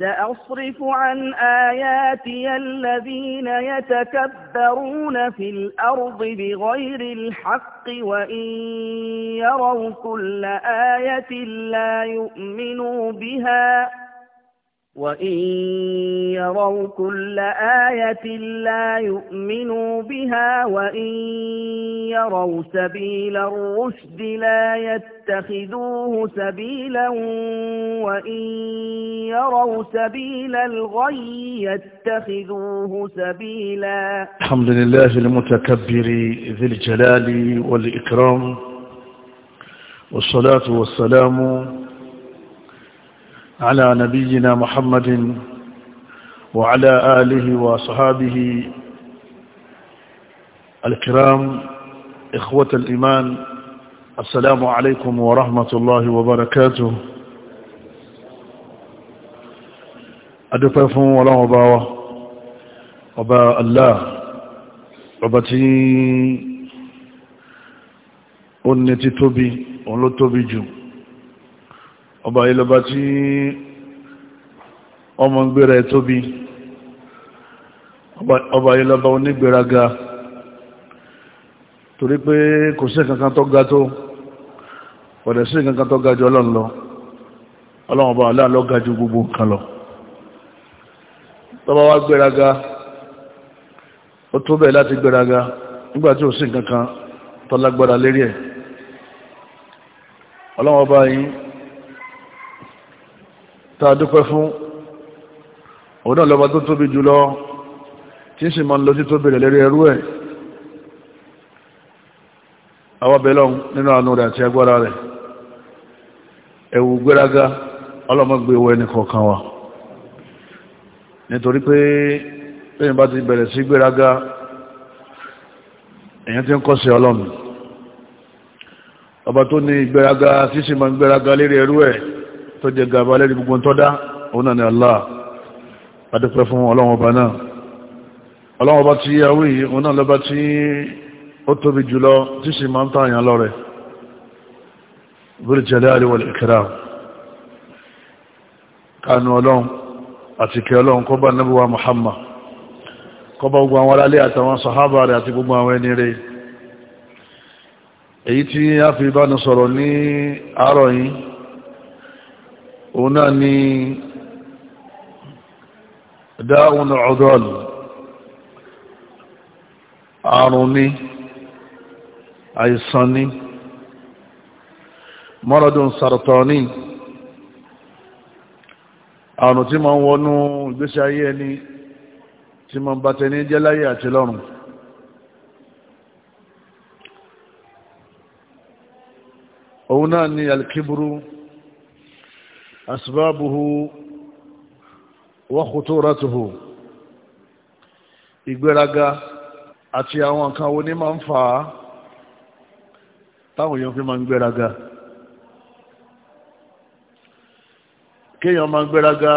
سأصرف عن آياتي الذين يتكبرون في الأرض بغير الحق وإن يروا كل آية لا يؤمنوا بها وَإِن يَرَوْا كُلَّ آيَةٍ لَّا يُؤْمِنُوا بِهَا وَإِن يَرَوْا سَبِيلَ الرُّشْدِ لَا يَتَّخِذُوهُ سَبِيلًا وَإِن يَرَوْا سَبِيلَ الْغَيِّ يَتَّخِذُوهُ سَبِيلًا الحمد لله المتكبر ذي الجلال والإكرام والصلاة والسلام على نبينا محمد وعلى آله وصحابه الكرام إخوة الإيمان السلام عليكم ورحمة الله وبركاته adúpẹ́ ولا ọlọ́run ọba الله ọba Allah ọba tí ó ní ọba ilọba tí ọmọ ń gbéra ẹ tóbi ọba ilọba onígbéraga torí pé kò sí kankan tó ga tó ọ̀dẹ̀ sí kankan tó ga jù ọlọ́run lọ ọlọ́run ọba aláà lọ ga jù gbogbo nǹkan lọ tọ́ba wá gbéraga ó tó bẹ̀ láti gbéraga nígbàtí ò sí kankan tó lérí ẹ̀ ọlọ́run yìí tá a dúpẹ́ fún òun náà lọ́ba tó tóbi jùlọ tí ń sì máa ń lọ sí tó bèrè lérí ẹrú ẹ̀ àwọn abẹ́lọ́hun nínú àánú rẹ̀ àti agbára rẹ̀ ẹ̀wù gbéraga ọlọ́mọgbé wọ ẹnì kọ̀ọ̀kan wa nítorí pé lẹ́yìn bá ti bẹ̀rẹ̀ sí gbéraga èyàn ti ń kọ́ sí ọlọ́run ọba tó ní ìgbéraga tí sì máa ń gbéraga lérí ẹrú ẹ̀ tó jẹ gàbà lẹ́rí gbogbo tó dá òun ni Allah adúpẹ́ fún ọlọ́wọ́n ọba náà ọlọ́wọ́n ọba tí yàwó yìí òun náà lọ́ba tí ó tóbi jùlọ tí sì máa ń tààyàn lọ́rẹ bíi jẹ́lẹ́ àríwọ̀lẹ̀ ìkẹrà kanu Muhammad kọ́bà gbogbo àwọn alálé àtàwọn sàhábà rẹ̀ àti gbogbo àwọn ẹni rẹ̀ èyí tí a fi bá ní sọ̀rọ̀ ní àárọ̀ yìí òun náà ni dáhùn ọ̀dọ́ọ̀lù àrùn ni àìsàn ni mọ́rọ̀dún sàrọ̀tọ̀ọ̀ní àrùn tí ma ń wọnú ìgbésí ayé ẹni tí ma ń bá tẹni jẹ́ láyé àti lọ́run òun náà ni alkiburu asbabuhu wa khuturatuhu ìgbéraga àti àwọn nǹkan wo ní máa ń fà á táwọn èèyàn fi máa ń gbéraga kéèyàn máa ń gbéraga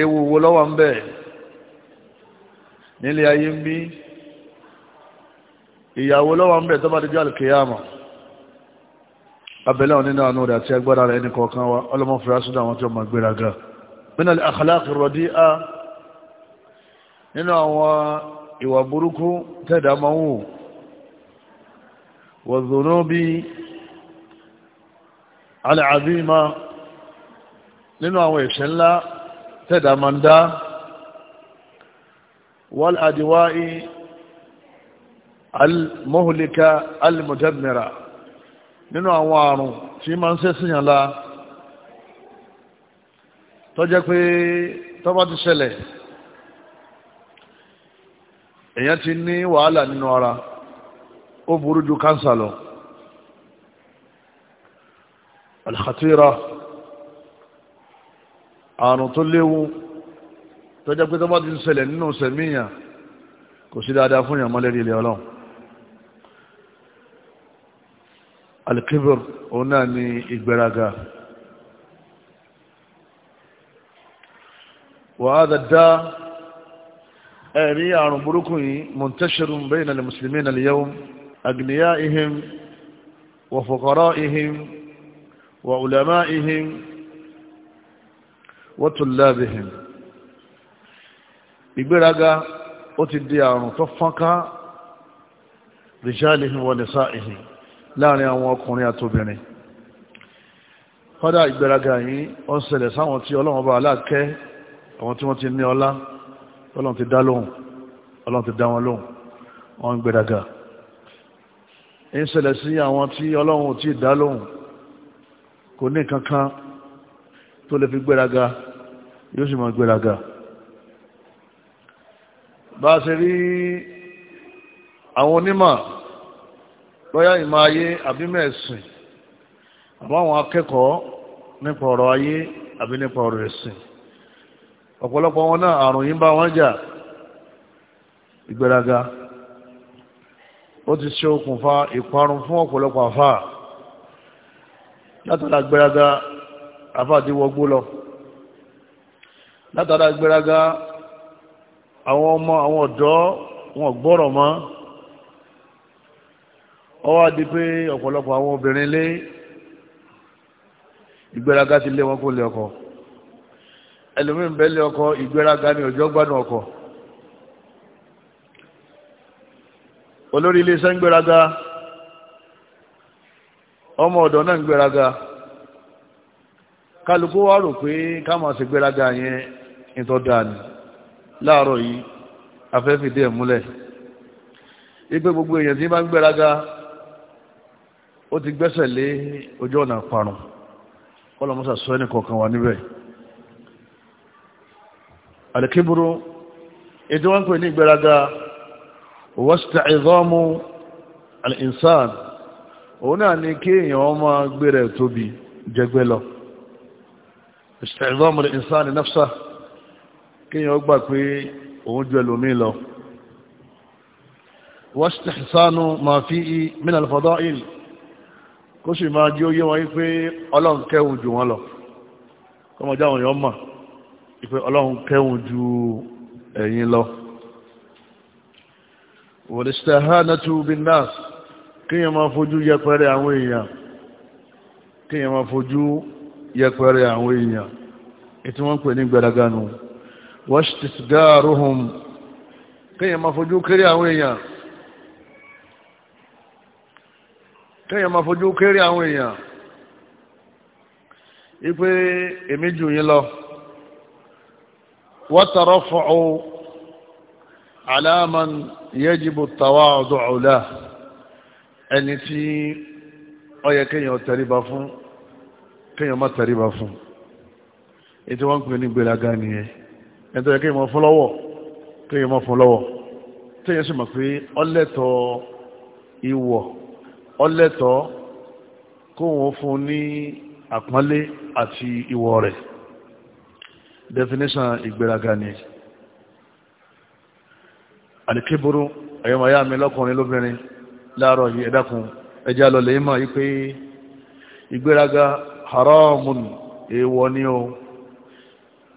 ewu wo lọ́wọ́ ń bẹ nílé ayé ń bí ìyàwó lọ́wọ́ ń bẹ tó bá dé jọ́ àlùkìyàmọ̀ abẹ́lẹ́ wọn nínú àánú rẹ̀ àti agbára rẹ̀ ẹni kọ̀ọ̀kan wa ọlọ́mọ fìrásúdà wọn tí ó ma gbéraga min al-akhlaq ar-radi'a nínú àwọn ìwà burúkú tẹ́dà máa wù wa dhunubi al-azima nínú àwọn ẹ̀ṣẹ̀ ńlá tẹ́dà máa ń dá wal adwa'i al-muhlika al-mudammira nínú àwọn àrùn tí máa ń sẹ́sìyàn la tó jẹ́ pé tó bá ti ṣẹlẹ̀ èèyàn ti ní wàhálà nínú ara ó burú ju kánsà lọ alkhatira àrùn tó léwu tó jẹ́ pé tó bá ti ṣẹlẹ̀ nínú sẹ̀míyàn kò sí dáadáa fún ìyàn ilẹ̀ ọlọ́run الكبر وناني البراغا وهذا الداء أعني عن منتشر بين المسلمين اليوم أغنيائهم وفقرائهم وعلمائهم وطلابهم إبراغا أتدي عن طفاقا رجالهم ونسائهم láàrin àwọn ọkùnrin àtòbìnrin kọ́dá ìgbéraga yìí ó ń ṣẹlẹ̀ sáwọn tí ọlọ́run bá aláàkẹ́ àwọn tí wọ́n ti ní ọlá ọlọ́run ti dá lóhùn ọlọ́run ti dá wọn lóhùn wọ́n ń gbéraga ń ṣẹlẹ̀ sí àwọn tí ọlọ́run ti dá lóhùn kò ní kankan tó lè fi gbéraga yóò sì máa gbéraga bá a ṣe rí àwọn onímọ̀ bóyá ìmọ̀ ayé àbí mẹ́sìn àmọ́ àwọn akẹ́kọ̀ọ́ nípa ọ̀rọ̀ ayé àbí nípa ọ̀rọ̀ ẹ̀sìn ọ̀pọ̀lọpọ̀ wọn náà àrùn yìí ń bá wọn jà ìgbéraga ó ti ṣe okùnfà ìparun fún ọ̀pọ̀lọpọ̀ àfà látara gbéraga àfà ti wọgbó lọ látara gbéraga àwọn ọmọ àwọn ọ̀dọ́ wọn gbọ́rọ̀ mọ́ ọwọ́ di pé ọ̀pọ̀lọpọ̀ àwọn obìnrin lé ìgbéraga ti lé wọn kó lé ọkọ ẹlòmíín bẹ́ẹ̀ lé ọkọ ìgbéraga ni ọjọ́ gbádùn ọkọ olórí iléeṣẹ́ ń gbéraga ọmọ ọ̀dọ̀ náà ń gbéraga kálukú wá rò pé gbéraga yẹn ni láàárọ̀ yìí afẹ́fìdí gbogbo èèyàn tí bá ń ó ti gbẹ́sẹ̀ lé ojú ọ̀nà parun kọ́lọ̀ mọ́sà sọ ẹni kọ̀ọ̀kan wà níbẹ̀ alìkíburú ètò wọ́n pè ní ìgbéraga wọ́sítà ìzọ́mú alìsàn òun náà ni kí èèyàn ọmọ gbẹ̀rẹ̀ tóbi jẹgbẹ́ lọ wọ́sítà ìzọ́mú alìsàn nafsa kí èèyàn kó sì máa jí ó yé wọn pé ọlọ́run kẹ́hùn jù wọn lọ kọ́mọdé àwọn èèyàn mọ̀ pé ọlọ́run kẹ́hùn ju ẹ̀yin lọ wọ̀lẹ́sítàhánàtù binnas kíyàn máa fojú yẹpẹrẹ àwọn èèyàn kíyàn máa fojú yẹpẹrẹ àwọn èèyàn ètí wọ́n pè ní gbẹ̀rẹ̀gánu wọ́ṣtìsgáàrùhùn kíyàn máa fojú kéré àwọn èèyàn kéèyàn máa fojú kéré àwọn èèyàn ipe èmi jù yín lọ watarafa'u ala man yajibu at-tawadu'u lahu ẹni tí ó yẹ kéèyàn tẹríba fún kéèyàn má tẹríba fún ètò wọn pè ní gbéraga nìyẹn ẹni tó yẹ kéèyàn mọ fún lọ́wọ́ kéèyàn mọ fún lọ́wọ́ téèyàn sì mọ̀ pé ọlẹ́tọ̀ ìwọ̀ ọlẹ́tọ̀ kó wọ́n fún ní àpọ́nlé àti ìwọ̀ rẹ̀ definition ìgbéraga ni àdìkébúrú ẹ̀yọ́mọ̀yá mi lọ́kùnrin lóbìnrin láàárọ̀ yìí ẹ̀dákun ẹjá lọlẹ̀ ìmọ̀ yìí pé ìgbéraga haramun èèwọ̀ ni o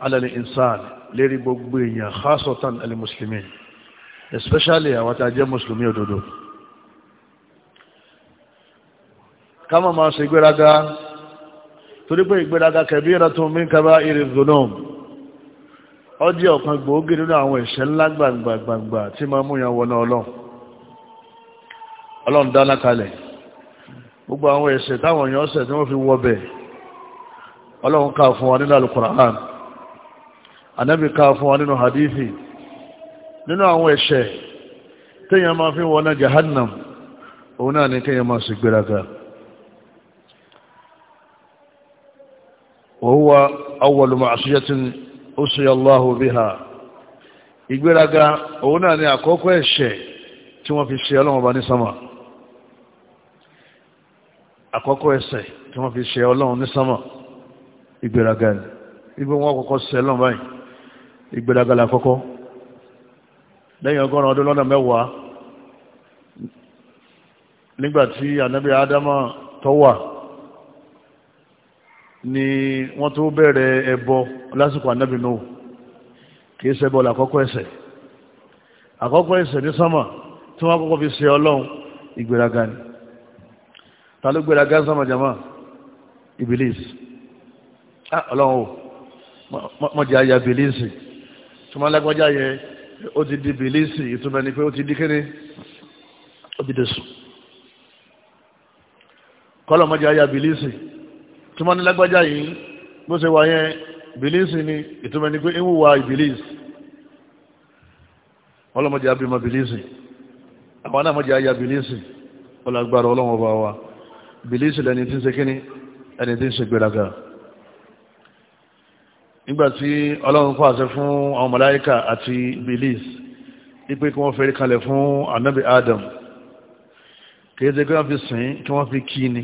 alal insan lérí gbogbo èèyàn khasatan al especially àwọn tàjẹ́ mùsùlùmí òdodo Kama ma máa ṣe ìgbéraga torí pé ìgbéraga kabiratun min kaba'iri dhunub ọdí ọ̀kan gbòógì nínú àwọn ẹ̀ṣẹ̀ ńlá gbàǹgbàǹgbà tí máa mú yan wọná ọlọ́run ọlọ́run dáná kalẹ̀ gbogbo àwọn ẹ̀ṣẹ̀ táwọn èèyàn ọ̀sẹ̀ tí wọ́n fi wọ bẹ̀ ọlọ́run ká fún wa nínú anábì ká hadithi nínú àwọn ẹ̀ṣẹ̀ téèyàn máa fi wọná jahannam òun náà ni téèyàn máa sì وهو أول معصية أسري الله بها ìgbéraga òun náà ni àkọ́kọ́ ẹ̀ṣẹ̀ tí wọ́n fi ṣe ọlọ́run ọba fi ṣe ọlọ́run nisama igberaga ìgbéraga ni ibi wọn kọ́kọ́ ṣe ọlọ́run báyìí la ni wọ́n tó bẹ̀rẹ̀ ẹbọ lásìkò ànábì Nuhu kìí ṣẹbọ làkọ́kọ́ ẹ̀ṣẹ̀ àkọ́kọ́ ẹ̀ṣẹ̀ ní sánmà tí wọ́n kọ́kọ́ fi ṣe ọlọ́run ìgbéraga ni ta ló gbéraga sánmà jama ibilis ọlọ́run o mọ̀jẹ̀ àyà ibilis tí wọ́n lágbájá yẹ ó ti di ibilis ìtumọ̀ ni pé ó ti di kíni ó ti dẹ̀ sùn kọ́lọ̀ mọ̀jẹ̀ àyà ibilis tí wọ́n ní lágbájá yìí bó ṣe wà yẹn ni ìtumọ̀ ni pé ń wùwà ìbìlíìsì ọlọ́mọdé abimọ bìlíìsì àwọn náà mọ̀jẹ̀ ayá bìlíìsì ọlọ́gbàrá ọlọ́wọ́n bá wa bìlíìsì lẹni tí ń ṣe kíní ẹni tí ń ṣe gbéraga nígbàtí ọlọ́run pàṣẹ fún àwọn màláíkà àti bìlíìsì ipé kí wọ́n fẹ́rí kalẹ̀ fún ànábì Adam kìí ṣe kí wọ́n fi sìn kí wọ́n fi kí ni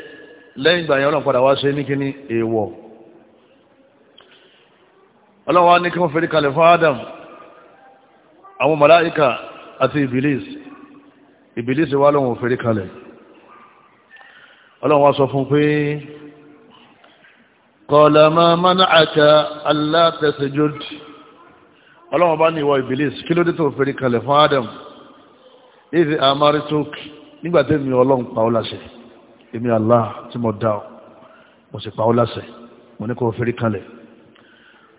lẹ́yìn ìgbà yẹn ọlọ́run padà wá ṣe ní kíní èèwọ̀ ọlọ́run wá ní kí wọ́n fẹ́rí kalẹ̀ fún Adam àwọn màláíkà àti Iblis Iblis wá lọ́wọ́n fẹ́rí kalẹ̀ ọlọ́run sọ fún pé qala ma mana'aka alla tasjud ọlọ́run bá ní ìwọ Iblis kí ló dé tó fẹ́rí kalẹ̀ fún Adam ìdí amaritok nígbàtẹ́ mi ọlọ́run èmi Allah tí mo dá ọ mo sì pa ọ láṣẹ mo ní kó fẹ́rí kanlẹ̀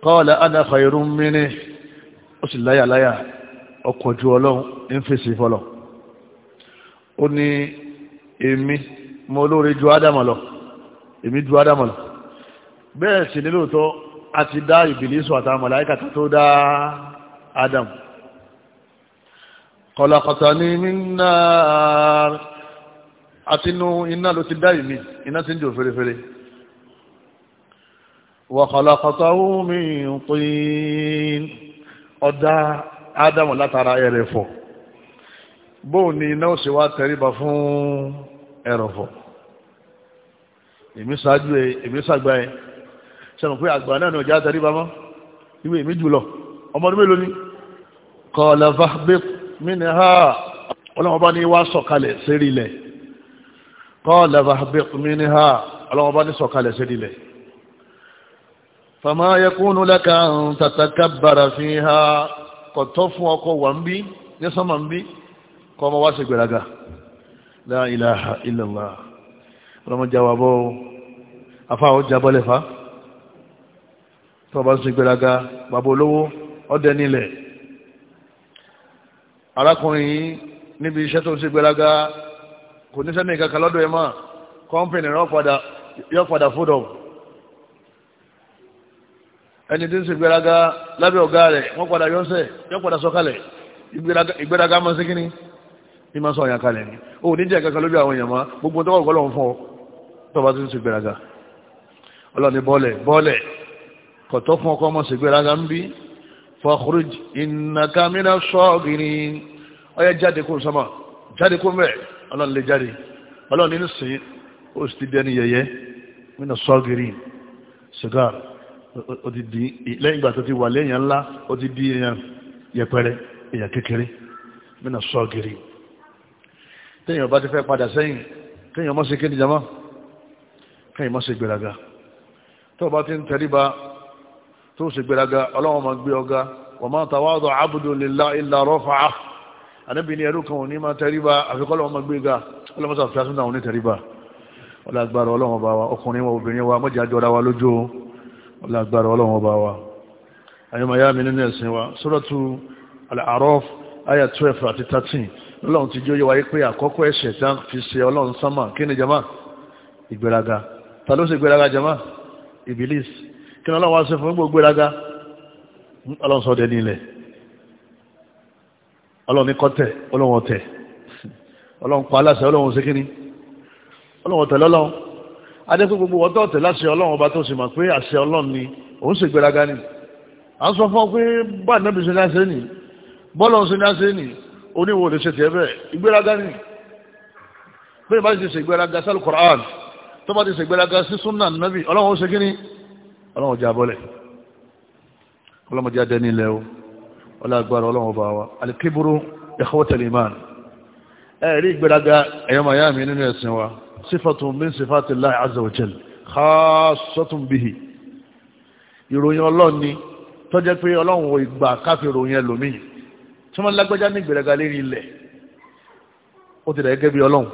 qala ana khayrun minni ó sì láyàláyà ọkọ̀ ju ọlọ́run ń fèsì fọlọ́ ó ní èmi mo lóore ju ádámà lọ èmi ju ádámà lọ bẹ́ẹ̀ sì ní lóòótọ́ a ti dá ìbìlísù àtàwọn màláíkà tó dá ádámù khalaqtani min nar àti inú iná ló ti dá ìmí iná ti ń jò fèrèfèrè wa khalaqatahu min tin ọ̀dá ádámù látara ẹrẹ̀fọ̀ bóò ni iná ó sì wá tẹríba fún ẹrọ̀fọ̀ èmi ṣáájú ẹ èmi ṣàgbà ẹ sẹ́nu pé àgbà náà ni ọjà tẹríba mọ́ ìwé èmi jùlọ ọmọ ọdún mélòó ni qala fahbit minha ọlọ́mọba ni wá sọ̀kalẹ̀ sérí قال فاهبط منها اللهم بني سوكال سديله فما يكون لك أن تتكبر فيها قد تفوى قوة بي يسمى بي قوم واسق لك لا إله إلا الله رمى جوابه أفاه جبل فا tọba sí gbẹ̀lága bàbá olówó ọdẹ nílẹ̀ arákùnrin níbi iṣẹ́ kò ní sẹ́ni kankan lọ́dọ̀ ẹ̀ máa kọ́ńpìnì yọ padà fúdọ̀ ẹni tí ń ṣe ìgbéraga lábẹ́ ọ̀gá rẹ̀ wọ́n padà yọ padà sọ́kalẹ̀ ìgbéraga máa ń kíní ní máa sọ ni ó ní jẹ́ kankan lójú gbogbo tó wọ́n kọ́lọ́ fún ọ tó bá ọlọ́ni bọ́ọ̀lẹ̀ bọ́ọ̀lẹ̀ fún ń bí ọlọ́run lè jáde ọlọ́run ní sìn ó sì ti di ẹni yẹyẹ mínà sọ́gìrì sigar ó ti di lẹ́yìn ìgbà tó ti wà lẹ́yìn ńlá ó ti di èèyàn yẹpẹrẹ èèyàn kékeré mínà sọ́gìrì téèyàn bá ti fẹ́ padà sẹ́yìn kéèyàn mọ́ sí kéde jama kéèyàn mọ́ sí gbéraga tó bá ti ń tẹríba tó sì gbéraga ọlọ́run máa gbé ọ̀gá wa ma tawadu abdu lillahi illa ànábì ní ẹrú kan ò ní máa tẹríba àfikọ́lọ́ ọmọ gbéga ọlọ́mọsà fi asúnà òní tẹríba ọlágbára ọlọ́wọ́n bá wa ọkùnrin wa obìnrin wa mọ́jà jọra wa lójú ọlágbára ọlọ́wọ́n bá wa ayọ́mọ̀yá mi nínú ẹ̀sìn wa suratu al-A'raf aya 12 àti 13 ọlọ́run ti jó yẹ wáyé pé àkọ́kọ́ ẹ̀ṣẹ̀ tí a fi ṣe ọlọ́run sánmà kí ni jama ìgbéraga ta ló ṣe ìgbéraga ọlọ́run ní kọ́tẹ̀ ọlọ́run ọ̀tẹ̀ ọlọ́run pa aláṣẹ ọlọ́run ṣe kíní ọlọ́run ọ̀tẹ̀ lọ́lọ́run adékun gbogbo ọ̀tọ̀ ọ̀tẹ̀ láṣẹ ọlọ́run ọba tó sì mọ̀ pé àṣẹ ọlọ́run ni òun sì gbéraga ni à ń sọ fún ọ pé bá ànábì ṣe ní àṣẹ nì bọ́ọ̀lọ́run ṣe ní àṣẹ nì oníwò lè ṣe tiẹ̀ bẹ́ẹ̀ ìgbéraga ni pé ìbá ti ṣe ìgbéraga sálù Qur'an tó bá ti ṣe ìgbéraga sí súnà nàbì ọlọ́run ó ṣe kíní ọlọ́run jà bọ́lẹ̀ ọlọ́run jà dẹ́ni ilẹ̀ o ọlágbára ọlọ́run bá wa alikiburu ikhwatal iman ẹ̀rí ìgbéraga ẹ̀yọ́ miami nínú ẹ̀sìn wa sífàtún min sífàtí láì azza wa jal khassatun bihi ìròyìn ọlọ́run ni tó jẹ́ pé ọlọ́run ò ìgbà káfí ìròyìn ẹlòmíì tí wọ́n lágbájá ní ìgbéraga lérí ilẹ̀ ó ti dẹ̀ gẹ́gẹ́ bí ọlọ́run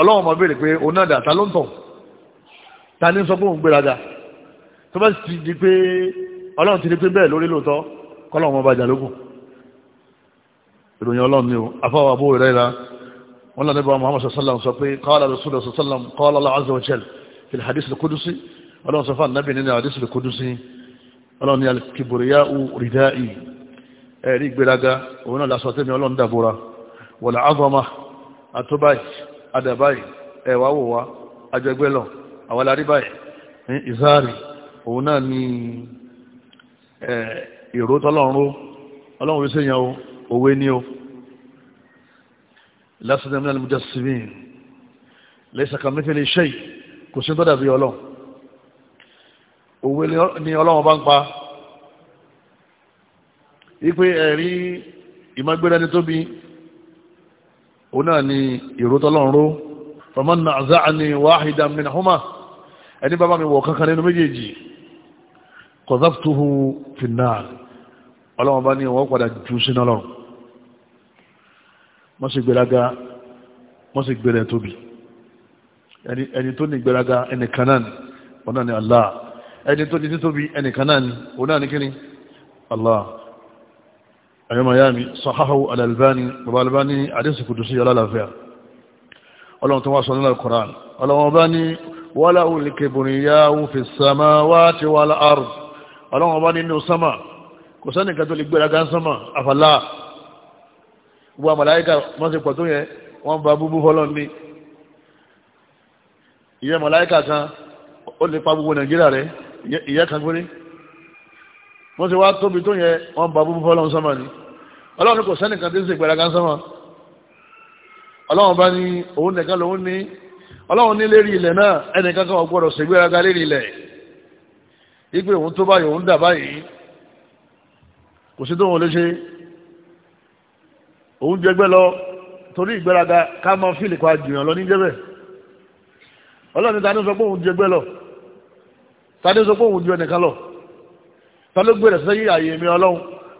ọlọ́run máa béèrè pé ti di pé ọlọ́run ti di pé bẹ́ẹ̀ lórí lóòótọ́ kọ́lọ̀ wọn bá jàlógún ìròyìn ọlọ́run ni o afọ́wà bó rẹ̀ ra wọn lọ níbà muhammad sallam sọ pé qala rasulullah sallam qala Allah azza wa jalla fil hadith al-qudusi ọlọ́run sọ fún nàbì nínú hadith al-qudusi ọlọ́run ni al-kibriya'u ridai ẹ̀rí gbéraga òun náà lásọ tẹ́mi ọlọ́run dàbúra wal 'azama àtúbáyì adàbáyì ìró tọ́lọ́run ó ọlọ́run ṣe yàn ó òwe ní ó lásìkò mílíọ̀nù mú jásìmí lẹ́sàkà mẹ́fẹ́lẹ́ iṣẹ́ yìí kò sí tọ́dà bí ọlọ́run òwe ni ọlọ́run bá ń pa ipe ẹ̀rí ìmágbéra ní tóbi òun náà ni ìró tọ́lọ́run ó faman naza'ani wahidan minhuma ẹni bàbá mi wọ̀ kankan nínú méjèèjì qadhaftuhu fin nar ọlọ́wọ́n bá ní wọ́n padà jù síná lọ́rùn wọ́n sì gbéraga wọ́n sì gbéra tóbi ẹni tó ní gbéraga ẹnìkan náà ni wọ́n náà ni Allah ẹni tó ní títóbi ẹnìkan náà ni wọ́n náà ni kíni Allah ayọ́mọ̀ yá mi sahahu al-Albani bàbá Albani adéṣì kùdù sí alálàáfíà ọlọ́wọ́n tó wá sọ nílẹ̀ Qur'an bá ní wala kò sẹ́nìkan tó lè gbéra gánsánmà àfàlà gbogbo àmàláyíkà wọ́n ti pọ̀ tó yẹn wọ́n ba búbú fọlọ́ ní ìyẹn àmàláyíkà kan ó lè pa gbogbo nàìjíríà rẹ ìyẹn kan gbóni wọ́n ti wá tóbi tó yẹn wọ́n ba búbú fọlọ́ sánmà ni ọlọ́run kò sẹ́nìkan tó ń ṣe gbéra gánsánmà ọlọ́run bá ní òun nìkan lòun ní ọlọ́run ní lérí ilẹ̀ náà ẹnìkan kan ọgbọ́dọ̀ ṣègbéraga lérí ilẹ̀ ìgbé òun tó báyìí òun dà báyìí kò sí tóun ò lè ṣe òun jẹgbẹ́ lọ torí ìgbéraga ká mọ fíìlì kó àjùyàn lọ ní jẹ́bẹ̀ ọlọ́run ta ni sọ pé òun jẹgbẹ́ lọ ta ni sọ pé òun ju ẹnìkan lọ ta ló gbé sẹ́yìn àyè mi ọlọ́run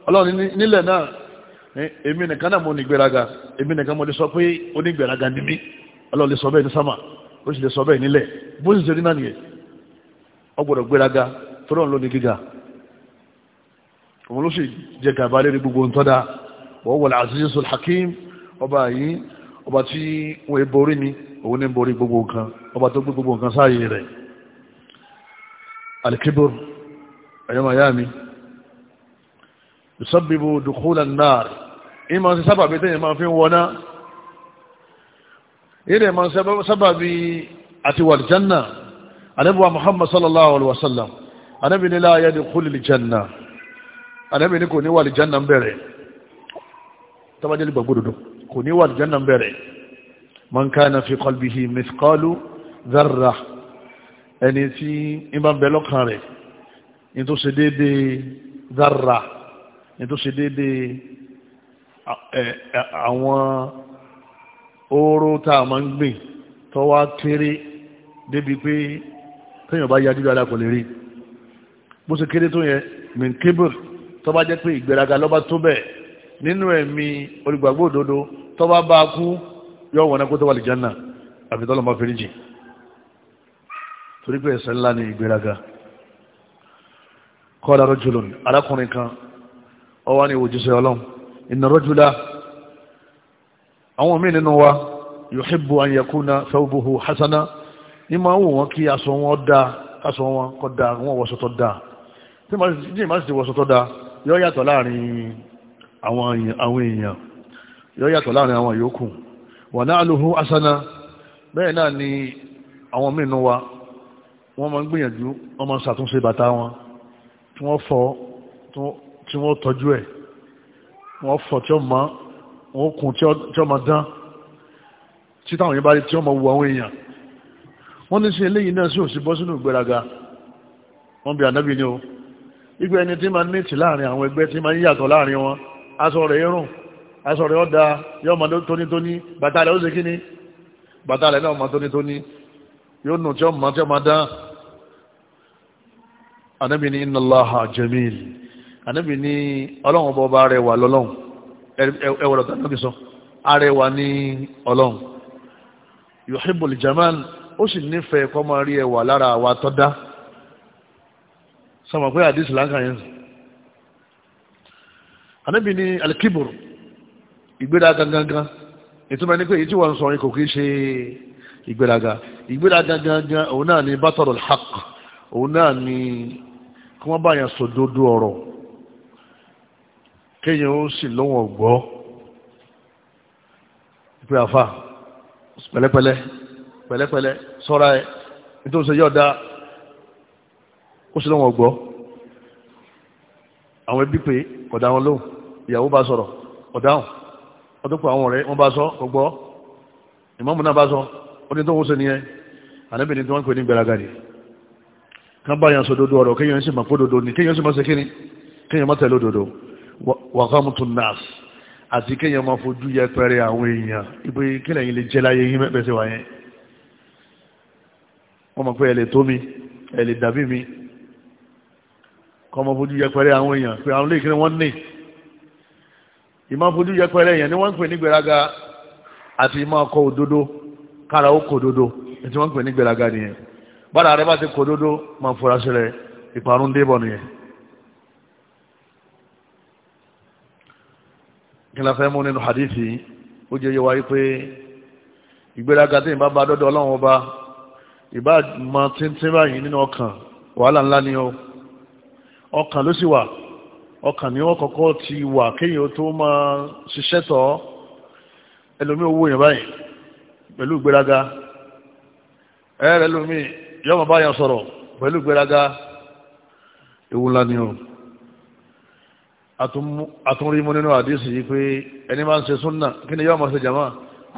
ọlọ́run nílẹ̀ náà èmi nìkan náà mo ní ìgbéraga èmi nìkan mo lè sọ pé ni mí ọlọ́run lè sọ bẹ́ẹ̀ ní sámà ó sì lè sọ bẹ́ẹ̀ nílẹ̀ bó sì ṣe rí náà nìyẹn gbéraga òun ló sì jẹ gàba lérí gbogbo ntọ́da wọ́n wọ̀lẹ̀ azizul hakim ọba yìí ọba tí wọ́n è borí ni òun ní borí gbogbo nǹkan ọba tó gbé gbogbo nǹkan sáàyè rẹ̀ alikibur ẹ̀yọ́ mayami ìsọ́bìbò dùkúlà náà ìmọ̀ sí sábàbí tẹ́yìn máa fi ń wọná ìrẹ̀ máa sábàbí àti wàlìjánná ànábì ní kò ní wà lè jẹ́ nàá bẹ̀rẹ̀ tọ́bajẹ́ lè gbàgbọ́ dodo kò ní wà lè jẹ́ nàá bẹ̀rẹ̀ man kana fi qalbihi mithqalu dharra ẹni tí ń bá ń bẹ lọ́kàn rẹ̀ ní tó ṣe déédéé dharra ní tó ṣe déédéé àwọn oró tá a máa ń gbìn tó wá kéré débi pé téèyàn bá yájú dáadáa kò rí bó ṣe kéré tó yẹ min tó bá jẹ́ pé ìgbéraga lọ́ba tó bẹ̀ nínú ẹ̀mí olùgbàgbọ́ òdodo tó bá bá kú yọ wọ̀n ẹkú tó wà lè jẹ́ náà àfi tọ́lọ́ bá fẹ́rí jì torí pé ẹ̀ṣẹ̀ ńlá ni ìgbéraga kọ́lá rọ́jùlọ arákùnrin kan ọwá ní òjíṣẹ́ ọlọ́run inna rọ́jùlá àwọn míì nínú wa yuhibbu an yakuna hasana ní máa wù wọ́n kí aṣọ wọn dáa aṣọ wọn kọ́ dáa wọ́n wọ́sọ tó tí màá sì ti wọ́sọ tó yóò yàtọ̀ láàrin àwọn èèyàn yóò yàtọ̀ láàrin àwọn yòókù wà náà lóhú asana bẹ́ẹ̀ náà ni àwọn mìínú wa wọ́n máa ń gbìyànjú wọ́n máa ń ṣàtúnṣe bàtà wọn tí wọ́n fọ̀ tí wọ́n tọ́jú ẹ̀ wọ́n fọ̀ tí ó ma wọ́n kùn tí ó ma dán tí táwọn yẹn bá rí tí ó ma wu àwọn èèyàn wọ́n ní sí eléyìí náà sí òsì bọ́ sínú ìgbéraga wọ́n bí ànábì ni o igbe ẹni tí ma ní tì láàrin àwọn ẹgbẹ́ tí ma ń yàtọ̀ láàrin wọn aṣọ rẹ̀ irun aṣọ rẹ̀ ọ̀dà yóò ma tónítóní bàtà rẹ̀ ó ṣe kíní bàtà rẹ̀ náà ma tónítóní yóò nù tí ó ma tí ó ma dán anábì ní inna Allaha anábì ní ọlọ́run bọba arẹwà lọ́lọ́run ẹwọ̀rọ̀ tó anábì sọ arẹwà ní ọlọ́run yuhibbul jamal ó sì nífẹ̀ẹ́ kọ́ sọmọ pé àdísì láǹkà yẹn anábì ní alikibur ìgbéraga gangan ìtumọ̀ ní pé èyí tí wọ́n ń sọ kò kí ṣe ìgbéraga ìgbéraga gangan òun náà ni bátọ̀rọ̀ haq òun náà ni kí wọ́n bá yàn sòdodo ọ̀rọ̀ kéèyàn ó sì lọ́wọ́n gbọ́ pé àfà pẹ̀lẹ́pẹ̀lẹ́ pẹ̀lẹ́pẹ̀lẹ́ sọ́ra ẹ̀ nítorí sọ yọ̀ọ̀dá ó sì lọ́wọ́ gbọ́ àwọn ẹbí pé ọ̀dà wọn lóhùn ìyàwó bá sọ̀rọ̀ ọ̀dáhùn ọdún pé àwọn ọ̀rẹ́ wọn bá sọ ọgbọ́ ìmọ̀mù náà bá sọ ọdún tó ń wọ́sẹ̀ nìyẹn ànábì ni tí wọ́n ń pè ní gbẹ̀rẹ̀gà rẹ̀ kán bá yàn sọ dodo ọ̀rọ̀ kéèyàn sì máa pọ́ dodo ni kéèyàn sì máa ṣe kíni kéèyàn máa tẹ̀lé dodo wàhámùtún nas àti kéèyàn máa fojú yẹpẹrẹ àwọn èèyàn ibi kílẹ̀ yìí lè jẹ́ láyé yín mẹ́pẹ́sẹ̀ wáyẹn wọ́n mọ̀ pé ẹ̀ lè tó mi ẹ̀ lè dàbí mi kọmọ fojú yẹpẹrẹ àwọn èèyàn pé àwọn léèkiri wọ́n ní ìmọ̀ fojú yẹpẹrẹ èèyàn ni wọ́n ń pè ní gbéraga àti ìmọ̀ ọkọ̀ òdodo kára ó kò dodo ètí wọ́n ń pè ní gbéraga nìyẹn bára rẹ bá ti kò dodo máa fura sílẹ̀ ìparun débọ̀ nìyẹn kí la fẹ́ mú nínú hadithi ó jẹ́ yẹwa yí pé ìgbéraga tí ìbá bá dọ́dọ̀ ọlọ́run ọba ìbá mọ tíntín báyìí nínú ọkàn wàhálà ńlá ni ó ọkàn ló sì wà ni wọ́n ti wà kéèyàn tó ma ṣiṣẹ́ tọ́ ẹlòmí owó yẹn báyìí pẹ̀lú gbéraga ẹ̀rẹ́ ẹlòmí yọmọ báyàn sọ̀rọ̀ pẹ̀lú gbéraga ewu ńlá ni àtúnrí mú nínú yìí pé ẹni máa ń ṣe súnnà kí ni ṣe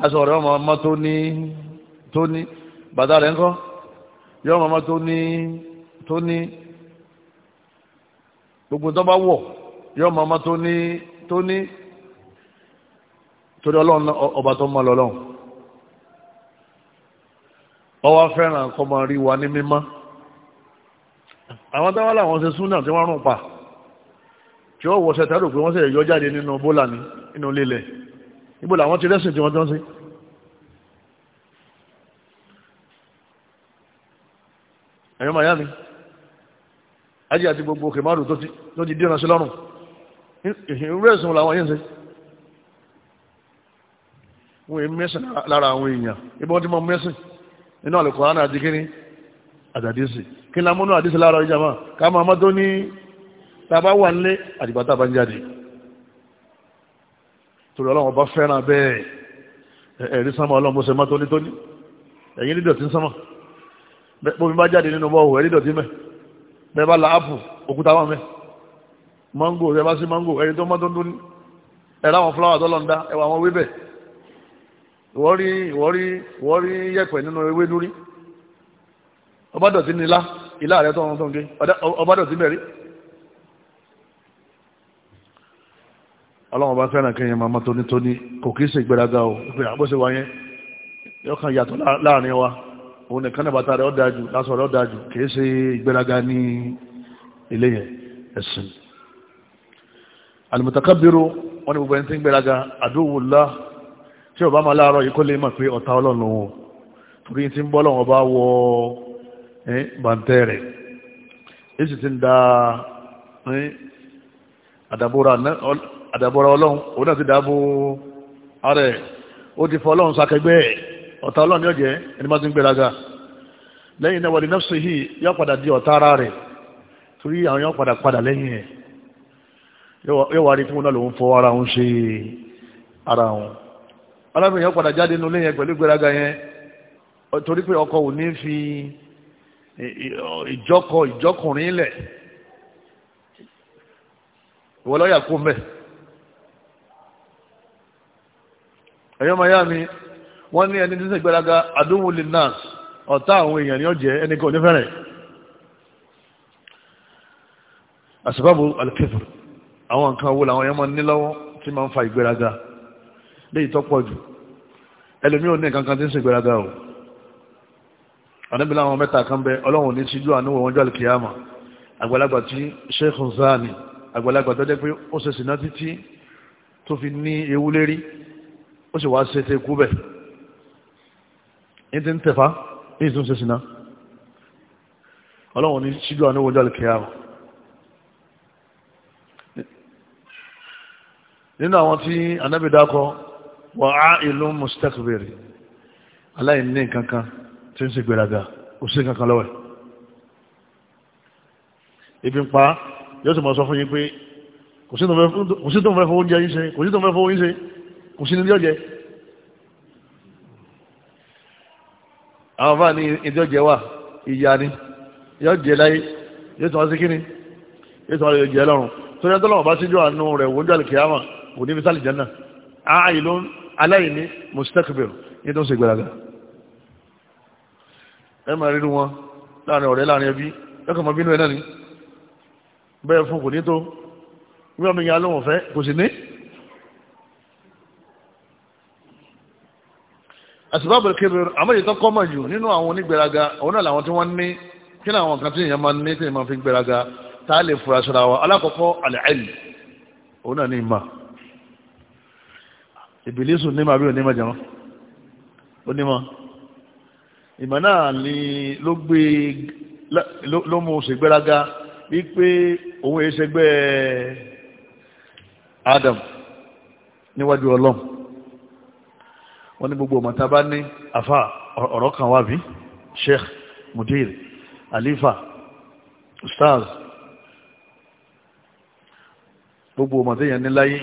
aṣọ ọ̀rẹ́ ọmọ ọmọ tó ní tó ní bàdá rẹ̀ ńkọ́ gbogbo tó bá wọ̀ yọ màmá tó ní tó ní torí ọlọ́run ọba tó mọ́ lọ́lọ́run ọwọ́ fẹ́ràn kọ́ máa rí wa ní mímọ́ àwọn táwọn làwọn ṣe súnà tí wọ́n rùn pa tí ó wọ̀ṣẹ̀ tẹ́rù pé wọ́n sì yọ jáde nínú bólà ní inú lílẹ̀ níbo làwọn ti rẹ́sìn tí wọ́n tán sí ẹ̀yọ́ màyá mi ajé àti gbogbo kèmárù tó ti dínà sí lọ́rùn ìrẹ́sùn làwọn yín ṣe wọ́n yí mẹ́sìn lára àwọn èèyàn ibọ́n tí mọ́ mẹ́sìn nínú Al-Qur'an àti kíní àtàdísì kí ní amúnú àdísì lára ọjà máa ká máa mọ́ tó ní tàbá wà nílé àdìgbà tàbá ń jáde torí ọlọ́run bá fẹ́ràn bẹ́ẹ̀ ẹ̀rí sánmà ọlọ́run bó ṣe má tónítóní ẹ̀yìn lídọ̀tí sánmà bóbi bá jáde nínú mọ́ ẹ̀rí dọ̀tí mẹ́ẹ̀ bẹ́ẹ̀ la apu, òkúta wà mẹ́ mango bẹ́ẹ̀ bá sí mango ẹni tó mọ́ tó ń dún ẹ̀rọ àwọn fúláwà tó lọ́nda ẹ̀wọ̀ àwọn wíbẹ̀ ìwọ́n rí ìwọ́n rí ìwọ́n rí yẹ̀pẹ̀ nínú ewé lórí ọbádọ̀tí ni ilá ilá rẹ̀ tọ́run tó ń gé ọbádọ̀tí bẹ̀rí ọlọ́run bá fẹ́ràn kẹyàn máa tónítóní kò kìí ṣègbéraga o ìpè àbọ́sẹ̀ wáyé yọ́kàn òun nìkan náà bàtà rẹ̀ ọ̀dájú lásọ̀ rẹ̀ ọ̀dájú kìí ṣe ìgbéraga ní ilé yẹn ẹ̀sìn alìmọ̀tàkábíró wọ́n ní gbogbo ẹni tí ń gbéraga àdúwòlá tí ọba máa láàárọ̀ yìí kó lè mọ̀ pé ọ̀tá ọlọ́run wọn torí tí ń bá wọ bàǹtẹ́ rẹ̀ ti ń da àdàbọ̀ra ọlọ́run òun náà ti dàbò ààrẹ ó ti fọ ọlọ́run sakẹgbẹ́ ẹ̀ ọ̀tá ọlọ́run ni ó jẹ́ ẹni bá ti ń gbéraga lẹ́yìn náà wọlé nọ́ọ̀sì yìí di ọ̀tá ara rẹ̀ torí àwọn ya padà padà lẹ́yìn ẹ̀ yóò wà rí fún náà lòun fọwọ́ ara òun ṣe ara òun padà jáde lẹ́yìn pẹ̀lú gbéraga ọkọ ò ní fi ìjọkùnrin lẹ̀ ìwọ lọ́ọ̀yà kó mẹ́ ẹ̀yọ́ máa yá mi wọ́n ní ẹni tí ń ṣe gbéraga àdúhùn lè ọ̀tá àwọn èèyàn ni ó jẹ́ ẹni kan onífẹ́rẹ̀ àṣìbábù alkefir àwọn nǹkan wo làwọn èèyàn máa ní lọ́wọ́ tí máa ń fa ìgbéraga léyìí tó pọ̀ jù ẹlòmí ò ní nǹkan kan tí ń ṣe gbéraga o ànábìlá àwọn mẹ́ta kan bẹ ọlọ́run ní síjú àníwò wọn jọ alkiyama àgbàlagbà tí sheikh zani àgbàlagbà tó jẹ́ pé ó ṣe sìnà títí tó fi ní ewu lérí ó sì wá ṣe tẹ́kú bẹ́ẹ̀ ní ti ń tẹ̀fá ní ìtún ṣe síná ọlọ́run ní ṣíjú àwọn ìwọ́jọ́ alìkẹyà nínú àwọn tí anábì dákọ wà á ìlú mustakbiri aláìní kankan tí ń ṣe gbéraga kò sí kankan lọ́wọ́ ibi ń pa yóò sì mọ̀ sọ fún yín pé kò sí tó ń fẹ́ fún oúnjẹ yín ṣe kò sí tó ń fẹ́ fún oúnjẹ kò sí ní ilé ọ̀jẹ̀ àwọn fáà ní ìjọ wà ìyá ni yóò jẹ láyé yóò tún wá sí kíni yóò tún wá lè jẹ lọ́rùn tó yẹ tọ́lọ́wọ́ bá síjú àánú rẹ̀ wọ́n jọ àlùkìyàmà kò ní fi sálì jẹ́nà ààyè ló ń aláìní mustakbir ní tó ń ṣe gbẹ̀rẹ̀gà ẹ máa rírun wọn láàrin ọ̀rẹ́ láàrin ẹbí lọ́kàn mọ́ bínú ẹ náà ni kò ní tó wíwọ́n mi yan asibabul kibir àmọ́ èyí tó kọ́mọ̀ jù nínú àwọn onígbèraga òun náà làwọn tí wọ́n ní kí ni àwọn kan tí èèyàn máa ní tí èèyàn máa fi gbèraga tá a lè fura síra wa alákọ̀ọ́kọ́ àlẹ́ẹ̀lì òun náà ní ìmà ìbìlísù ní màbí òní màjá wọn onímọ̀ ìmọ̀ náà ni ló gbé ló mú ṣègbéraga wípé òun èé ṣẹgbẹ́ Adam níwájú Ọlọ́run wọ́n ní gbogbo ọmọta bá ní àfà ọ̀rọ̀ kan wà bí sheikh mudir alifa ustaz gbogbo ọmọta yẹn ní láyé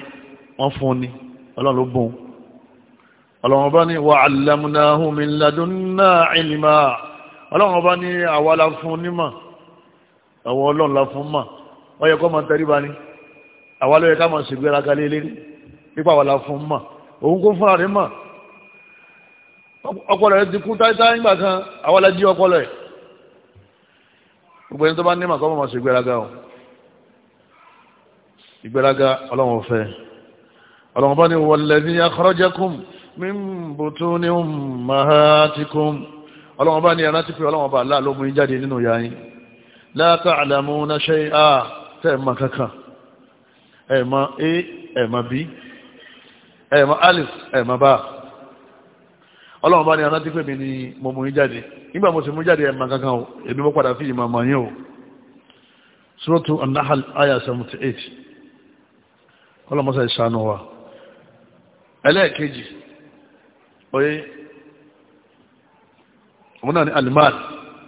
wọ́n fún ni ọlọ́run ló bùn ọlọ́run ọba ní wà allamnahu min ladunna ilma ọlọ́run ọba ní àwa la fún nímọ̀ àwọn ọlọ́run la fún mọ̀ wọ́n yẹ kọ́ máa tẹríba ni àwa ló yẹ ká máa ṣègbéraga lé nípa àwa la fún mọ̀ òun kó fúnra rẹ̀ mọ̀ ọpọlọ rẹ ti kú táyítá nígbà kan àwọn alájí ọpọlọ ẹ gbogbo ẹni tó bá ní màkọ́ mọ̀ sí ìgbéraga o ìgbéraga ọlọ́run fẹ́ ọlọ́run bá ní wọlẹ́bí akọ́rọ́jẹ́kùn mímbùtú ní mahatikum ọlọ́run bá ní ẹran ti fi ọlọ́run bá láàlómú jáde nínú yayin látà àdàmú na ṣe à tẹ́ẹ̀mà kankan ẹ̀mà a ẹ̀mà b ẹ̀mà alif ẹ̀mà bá ọlọ́run bá ní aná tí pé mi ni mo mú yín jáde nígbà mo sì mú jáde ẹ̀mà kankan o èmi mo padà fi ìmọ̀ mọ̀ yín o Suratu An-Nahl aya 78 ọlọ́mọsá ìṣàánú wa ẹlẹ́ẹ̀kejì oye òun náà ní alimad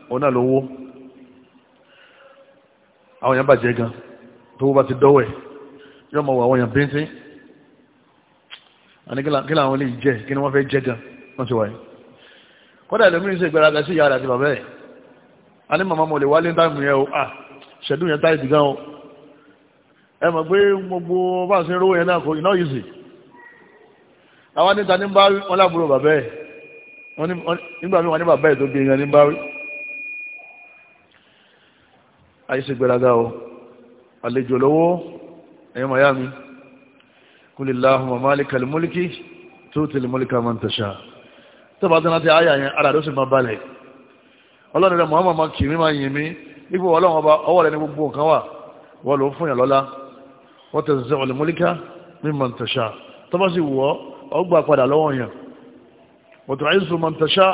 òun náà lówó àwọn èèyàn bàjẹ́ gan tó bá ti dọ́wẹ̀ yọ́ mọ̀ wọ àwọn èèyàn bíntín àní kí làwọn lè jẹ kí ni wọ́n fẹ́ jẹ gan wọ́n ti wáyé kọ́dà ìlúmíràn ṣe ìgbéraga sí ìyá rẹ̀ àti bàbá ẹ̀ a ní màmá mo lè wálé táìmù yẹn o ah ṣẹ̀dún yẹn táìdì gan o ẹ mọ̀ pé gbogbo bá ń sin rówó yẹn náà kò iná yìí sì àwọn níta ní bá wọn lábúrò bàbá ẹ̀ nígbà míì wọn ní bàbá ẹ̀ tó gbé yẹn ní báwí ayé ṣe ìgbéraga o àlejò lówó ẹ̀yọ́ màyá mi kúlìláhùn màmá alẹ́kàlì tó tẹ̀lé mólíkà máa ń tẹ̀ṣà tẹ́bà tí wọ́n ti àyà yẹn ara ló sì máa balẹ̀ ọlọ́run rẹ̀ Muhammad máa kì mí máa yìn mí ipò ọlọ́run ọba ọwọ́ rẹ̀ ní gbogbo nǹkan wà wọ́n ló fún yàn lọ́lá wọ́n tẹ̀ ṣe ọ̀lẹ́mọ́líkà ní mọ̀ntẹ̀ṣà tó bá sì wọ́ ọgbà padà lọ́wọ́ yàn wọ́n tẹ̀ àìsùn mọ̀ntẹ̀ṣà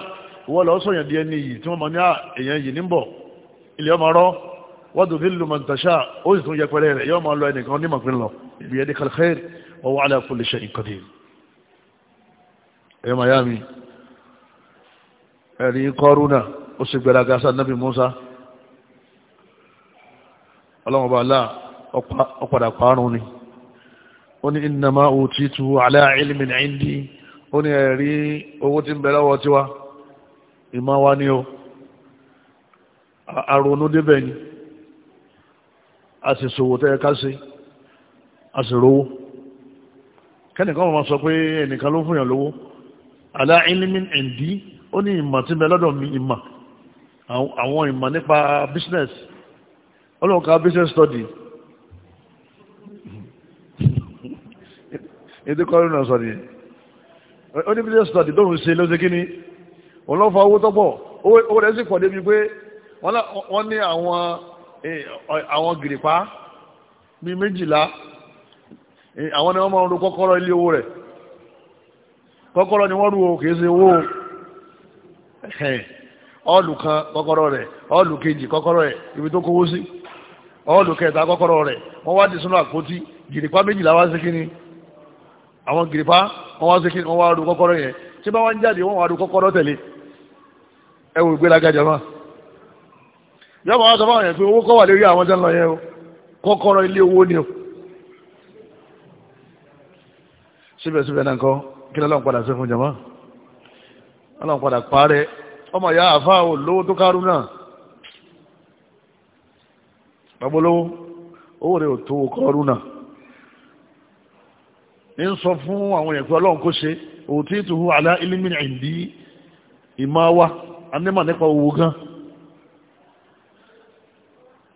wọ́n lọ́ sọ̀yàn díẹ̀ ní iyì tí wọ́n máa ní èèyàn yìí níbọ̀ ilé ọmọ rọ́ wọ́n tẹ̀ fílù mọ̀ntẹ̀ṣà ó sì tún yẹpẹrẹ rẹ̀ yọ́ máa lọ ẹnìkan ní mọ̀pin lọ ibi ẹni kàlẹ́ wọ́n wà á lẹ́ ẹ̀rí kọ́rúnà ó sì gbẹ̀rẹ̀gà sáà nábì Musa ọlọ́mọba aláà ọ̀padà parun ni ó ní innama utitu ala ilmin indi ó ní ẹ̀rí owó tí ń bẹ lọ́wọ́ tiwa ìmọ̀ wa ni o àrònú débẹ̀ ni a sì sòwò tẹ́ ká sí a sì rówó kẹ́nìkan wọn sọ pé ẹnìkan ló fún yàn lówó ala ilmin indi ó ní ìmọ̀ tí ń bẹ lọ́dọ̀ mi ìmọ̀ àwọn ìmọ̀ nípa business ọlọ́run business study ètò kọrin náà sọ ó ní business study tó ń ṣe ló ṣe kí ni ọlọ́fà owó tọ́pọ̀ owó rẹ̀ sì pọ̀ débi pé wọ́n ní eh, àwọn gìrìpá bíi méjìlá eh, àwọn ni wọ́n máa ń ro kọ́kọ́rọ́ ilé owó rẹ̀ kọ́kọ́rọ́ ni wọ́n rú o kìí ṣe owó o. ọ́ọ̀lù kan kọ́kọ́rọ́ rẹ̀ ọ́ọ̀lù kejì kọ́kọ́rọ́ rẹ̀ ibi tó kówó sí ọ́ọ̀lù kẹta kọ́kọ́rọ́ wá di sínú àpótí gìrìpá méjìlá wá sí kíni àwọn gìrìpá wọ́n wá sí kíni wọ́n wá rú kọ́kọ́rọ́ yẹn tí bá wá ń jáde wọ́n wá rú ẹ wò jama yọba wá sọ fún àwọn yẹn pé owó wà lórí àwọn yẹn o ilé owó ni o síbẹ̀síbẹ̀ náà kọ́ kí padà sí fún ọlọ́run padà parẹ́ ọmọ ìyá àfáà ò lówó tó kárú náà babolówó owó rẹ̀ ò tó kọ́rú náà ń sọ fún àwọn èèyàn pé ọlọ́run kó ṣe òtí ìtùhù àlá ilmin indi ìmọ̀ anímọ̀ nípa owó gan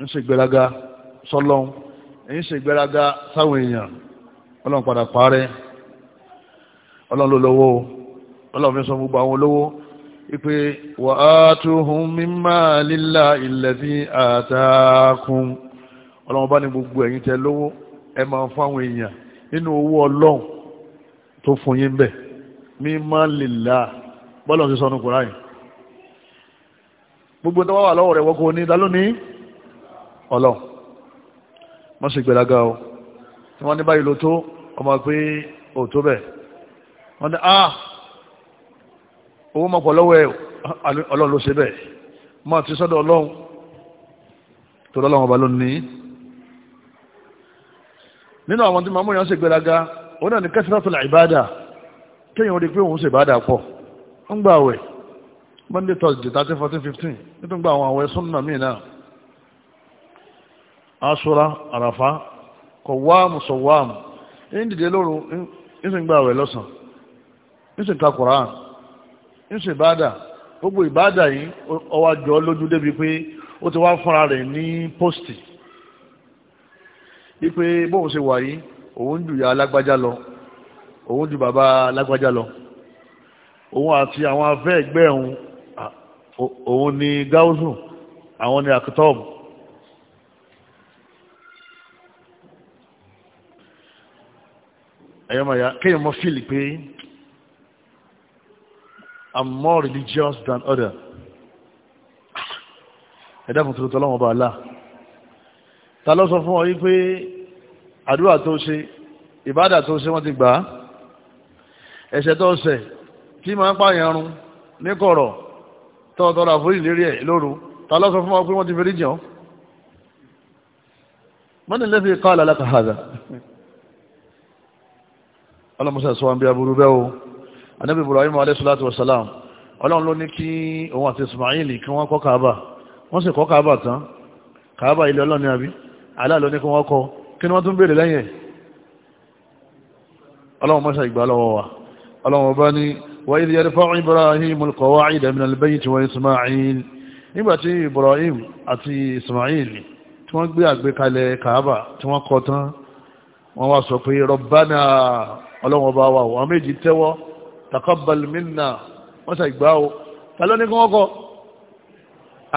ń ṣe sọlọ́n ń ṣe sáwọn èèyàn ọlọ́run padà parẹ́ ọlọ́run ló lọ́wọ́ o. ọlọ́run sọ gbogbo àwọn olówó ipe wà á tuhun mímá lílá ilẹ̀ tí àtàkùn ọlọ́run bá ní gbogbo ẹ̀yin tẹ lówó ẹ máa fún àwọn èèyàn nínú owó ọlọ́run tó fún yín bẹ̀ mímá lílá bọ́lọ̀ sí sọnù kùráyì gbogbo tó wà lọ́wọ́ rẹ̀ wọ́kọ́ ní dálónìí ọlọ́run wọ́n sì gbẹ̀lága o wọ́n ní báyìí ló ọmọ pé òtó bẹ̀ wọ́n ní ah owó máa pọ̀ lọ́wọ́ ẹ̀ ọlọ́run ló ṣe bẹ́ẹ̀ máa ti sọ́dọ̀ ọlọ́run tó lọ́lọ́run ọba lónìí nínú àwọn tí máa múyàn ṣe gbéraga ó náà ní kẹsìlátùlà ìbáàdà kéèyàn rí pé òun ṣe ìbáàdà pọ̀ ń gbà àwẹ̀ monday thursday thirteen fourteen fifteen nítorí gba àwọn àwẹ̀ súnmọ́ míì náà asura àràfá kọ̀wáàmù sọ̀wáàmù ń dìde lóru ń sì ń gbà àwẹ̀ lọ́sàn-án ń sì ń ka kùránù ń ṣe ìbáàdà gbogbo ìbáàdà yìí ọwọ́ àjọ lójú débi pé ó ti wá fúnra rẹ̀ ní pósìtì wípé bóun ṣe wà yìí òun jù ya alágbájá lọ òun jù bàbá alágbájá lọ òun àti àwọn afẹ́ ẹgbẹ́ òun òun ni gáúsù àwọn ni àkútọ́ọ̀bù ẹ̀yọ́ màá yá kéèyàn mọ́ fíìlì pé I'm more religious than other ẹ̀dá fún tuntun lọ́wọ́ bá alá ta ló sọ fún ọ yí pé àdúrà tó ṣe ìbádà tó ṣe wọ́n ti gbà á ẹ̀ṣẹ̀ tó ṣẹ̀ kí máa ń pààyàn run ní kọ̀rọ̀ tó tọrọ àforí lérí ẹ̀ lóru ta ló sọ fún ọ pé wọ́n ti fi rí jẹun mọ́ni lẹ́fẹ̀ẹ́ kọ́ àlàlá kàhàdà ọlọ́mọṣẹ́ sọ wọn bí aburú bẹ́ẹ̀ o anábì ibrahim aleyhisalatu wasalam ọlọ́run ló ní kí òun àti ismail kí wọ́n kọ́ kaaba wọ́n sì kọ́ kaaba tán kaaba ilé ọlọ́run ní àbí Allah ló ní kí wọ́n kọ́ kí ni wọ́n tún béèrè lẹ́yìn ọlọ́run mọ́ṣá ìgbà lọ́wọ́ wa ọlọ́run bá ní wa idh yarfa'u ibrahim alqawa'ida min albayt wa ismail nígbà tí ibrahim wọ́n wá sọ pé rabbana ọlọ́run ọba wa wọ́n méjì tẹ́wọ́ taqabbal minna wọ́n sà ìgbà o tàlọ́ ní kí wọ́n kọ́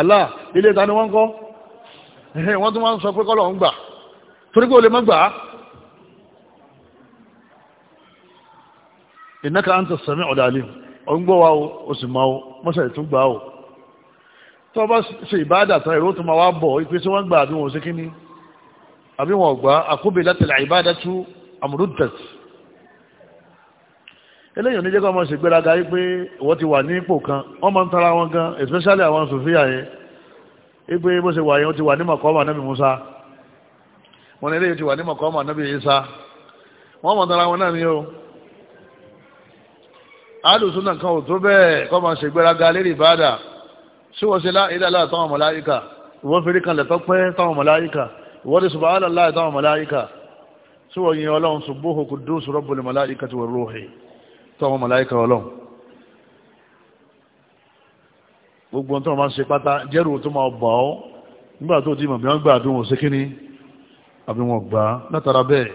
Allah ilé ìta ni wọ́n kọ́ wọ́n tún wọ́n sọ pé kọ́lọ̀ ń gbà torí pé o lè mọ́ gbà á innaka anta as-sami'u al-alim ọ̀n gbọ́ wa o o sì máa o mọ́sà ìtún gbà o tó bá ṣe ìbáàdà tán ìró tó máa wá bọ̀ ìpè tí wọ́n gbà àbí wọn ò sí kíní àbí wọn ò gbà àkóbè láti al-ibadatu amruddat eléyìí oníjẹ́ kọ́ ọmọ ṣègbéraga yí pé wọ́n ti wà ní ipò kan wọ́n máa ń tara wọn gan especially àwọn sofia yẹn yí pé bó ṣe wà yẹn ti wà ní Musa wọn ni eléyìí ti wà ní mọ̀kọ́mà nábì Isa wọ́n máa ń tara wọn náà ní o alùsùn náà kan ò tó bẹ́ẹ̀ kọ́ ọmọ ṣègbéraga lérí ìbáàdà sí wọ́n ṣe láìláìlá táwọn mọ̀láyíkà ìwọ́n tọ́wọ́n màláìkà ọlọ́run gbogbo ohun tó wọ́n máa ń ṣe pátá jẹ́rù tó máa bà ọ́ nígbà tó ti mọ̀ bí wọ́n gbà àdúgbò ṣe kíní àbí wọn gbà á látara bẹ́ẹ̀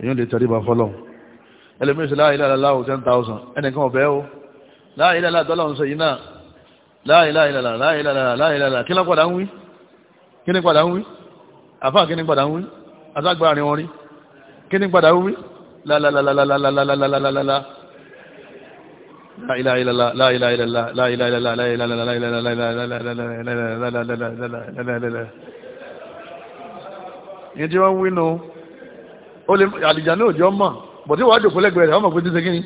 èyàn lè tẹríba fọ́lọ́n ẹlẹ́mìí sí láàrín ìlàláwò 10,000 ẹnìkan ọ̀bẹ́ ó láàrín ìlàlá tọ́lọ́run sọ yìí náà láàrín ìlàlá láàrín ìlàlá láàrín ìlàlá kí ní padà ń wí kí ní padà ń wí àfáà kí ní padà ń wí aságbárin wọn rí kí ní padà ń wí lálálálálálálálálá ní tí wọ́n ń wínú àlìjà náà jọ mọ̀ bọ̀ tí wọ́n á jòkó lẹ́gbẹ̀ẹ́ rẹ̀ wọ́n mọ̀ pé títí kíní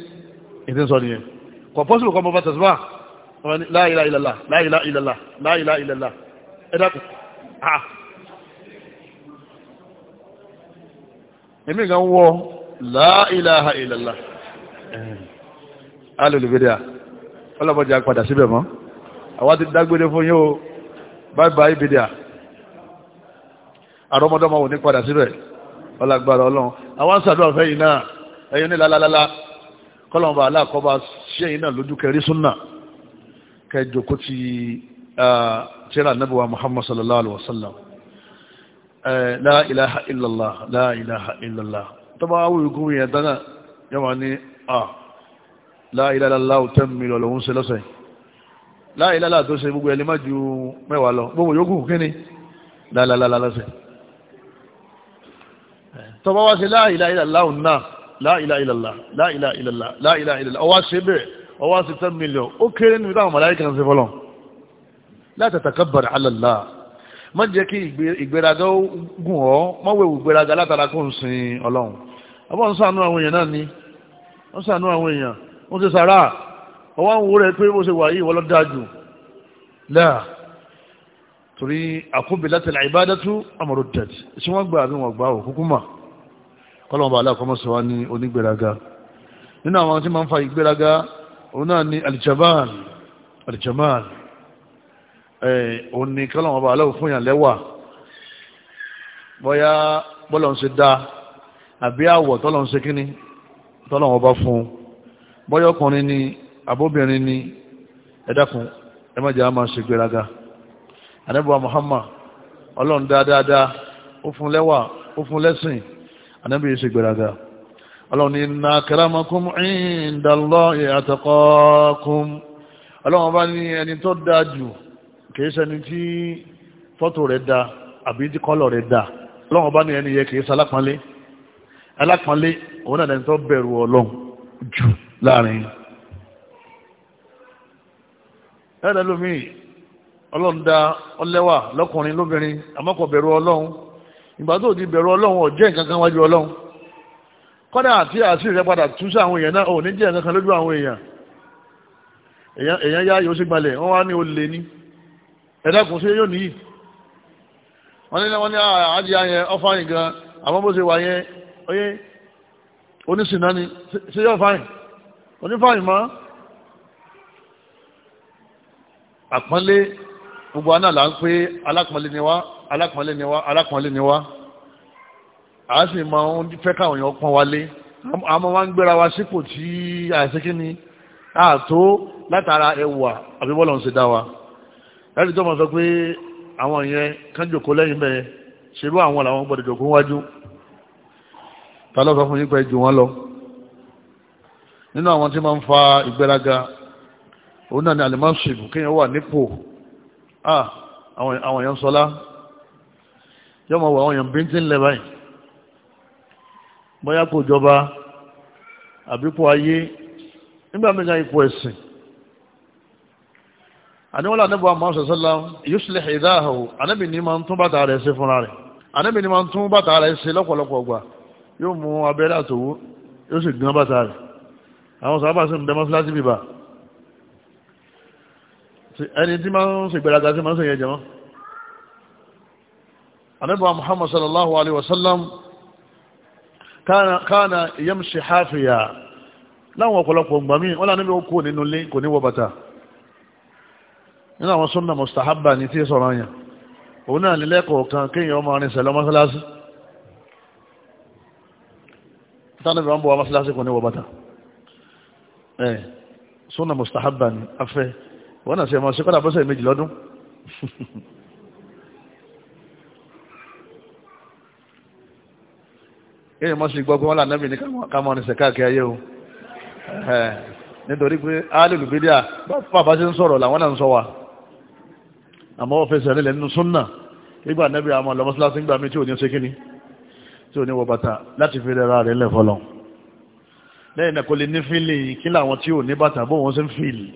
ìdí ń sọ nìyẹn kò pọ́sùlù kọ́ mọ́ bá tẹ̀síwá láìláìlàlá láìláìlàlá láìláìlàlá ẹ̀dàkù èmi gan wọ láìláìlàlá alòlùbẹ̀dẹ̀ ọlọ́mọdé padà síbẹ̀ mọ́ àwọn ti dágbére fún yóò bye bye bìdíà àrọ́mọdọ́mọ ò ní padà síbẹ̀ ọlágbára ọlọ́run àwọn sàdúrà fẹ́ yìí náà ẹ̀yìn ní lálálálá kọ́lọ̀mọba aláàkọ́bá ṣe yìí náà lójú kẹrí súnà kẹjọ kó ti tíra nabuwa muhammad sallallahu alaihi wasallam la ilaha illallah la ilaha illallah tọ́ba awúrúkú yẹn dáná yọ́mọ ah láìláìláà ò tẹ́mù mílíọ̀n lòun ṣe lọ́sẹ̀ láìláìláà tó ṣe gbogbo ẹlẹ́mà ju mẹ́wàá lọ gbogbo yòókù kíni láìláìláà lọ́sẹ̀ tọba wá sí láìláìláà ò náà láìláìláà láìláìláà láìláìláà ọwá ṣe bẹ́ẹ̀ ọwá sí tẹ́mù mílíọ̀n ó kéré nínú táwọn màláìkà ń ṣe fọlọ́ látàtàkàbàrà alàlá má jẹ́ kí ìgbéraga gùn ọ́ má wẹ̀wù ìgbéraga látara kó ń sin ọlọ́run ọbọ̀ wọ́n ti sàrà ọwọ́ ń wúrẹ́ pé bó ṣe wà yìí wọ́n lọ dáa jù láà torí àkóbè láti àìbádátú àmọ̀rò dẹ̀t tí wọ́n gbà àbí wọ́n gbà ò kúkú mà kọ́lọ̀mọ̀bà aláàkọ́mọ́sọ wa ní onígbéraga nínú àwọn tí ma ń fa ìgbéraga òun náà ni alìjàmáàn alìjàmáàn òun ni kọ́lọ̀mọ̀bà aláwò fún yàn lẹ́wà bọ́yá bọ́lọ̀ ṣe dáa àbí àwọ̀ tọ́lọ̀ ṣe kíní tọ́lọ̀ bá fún un bọ́yọ̀ ọkùnrin ni abóbìnrin ni ẹ dákun a máa ṣe gbéraga Muhammad ọlọ́run dáadáa ó fún lẹ́wà ó fún lẹ́sìn anábí ṣe gbéraga ọlọ́run ní na akramakum inda Allahi ọlọ́run bá ní ẹni tó dáa jù kìí tí fọ́tò rẹ̀ da àbí tí kọ́lọ̀ rẹ̀ da ọlọ́run bá ní ẹni yẹ kìí òun náà ẹni tó bẹ̀rù láàrin ẹ̀rẹ́ lómi ọlọ́run ọlẹ́wà lọ́kùnrin lóbìnrin àmọ́kọ̀ bẹ̀rù ọlọ́run ìgbà tó ti bẹ̀rù ọlọ́run ọ̀jẹ́ nǹkan wájú ọlọ́run kọ́dà àti àti rẹ̀ padà tún àwọn èèyàn náà ò ní jẹ́ nǹkan lójú àwọn èèyàn èèyàn yá yóò sì gbalẹ̀ wọ́n wá ní o ní ẹ̀dàkùn sí yóò níyì wọ́n ní wọ́n ní àájì ah, ayẹn ọfáyìn gan àwọn bó ṣe wà yẹn oyé oníṣìnà ni ṣe yóò fáyìn onífàyìmọ́ àpọ́nlé gbogbo aná là ń pé alápọ́nlé ni wá alápọ́nlé ni wá alápọ́nlé ni wá àá sì máa ń fẹ́ káwọn èèyàn pọ́n wálé àmọ́ wá ń gbéra wa sípò tí àìsíkí ni àtó látara ẹwà àbíbọ́lọ̀ ń ṣe dá wa láti tó máa sọ pé àwọn yẹn kán lẹ́yìn bẹ́ẹ̀ ṣerú àwọn làwọn gbọ́dọ̀ jòkó wájú ta ló sọ fún yín pé jù wọ́n lọ nínú àwọn tí máa ń fa ìgbéraga òun náà ni alimọ́sìbù kéèyàn wà nípò àwọn èèyàn sọlá yóò máa wọ àwọn èèyàn bíntín lẹ́bàá yìí bóyá kò jọba àbípò ayé nígbà mẹ́ta ipò ẹ̀sìn àníwọ́lá anábọ̀ àmọ́ ṣẹ̀ṣẹ́lá yusuf ìdáhàwò anábì ní máa ń tún bàtà rẹ̀ ṣe fúnra rẹ̀ anábì ní máa ń tún bàtà rẹ̀ ṣe lọ́pọ̀lọpọ̀ gbà yóò mú abẹ́rẹ́ àtòwú yóò sì gbọ́n bàtà rẹ̀ àwọn sàábà sí ń bẹ mọ́síláṣí bíbá ẹni tí máa ń ṣe ìgbéraga sí máa ń ṣe yẹn jẹmọ́ anábà muhammad sallallahu alaihi wasallam kana yamshi hafiya láwọn ọ̀pọ̀lọpọ̀ gbàmí wọ́n lánàbí ó kó nínú lé kò ní wọ bàtà nínú àwọn sunna mustahabba ní tí sọ̀rọ̀ yẹn òun náà nílẹ̀ kọ̀ọ̀kan kéèyàn wọ́n bọ̀ wá kò ní wọ ẹ̀ eh, súnà mustahaba ni afẹ́ na náà ṣe ọmọ ṣekọ́dà bọ́sẹ̀ méjì lọ́dún èèyàn mọ́ sí gbọ́ pé wọ́n lànàbì ní kámọ́ ní sẹ̀káàkì ayé o eh, nítorí pé alìlùbídíà bàbá sí ń sọ̀rọ̀ làwọn náà wa mí tí ò bàtà fi ra lẹ́yìn náà kò lè ní fílì kí làwọn tí ò ní bàtà bó wọn ṣe ń fílì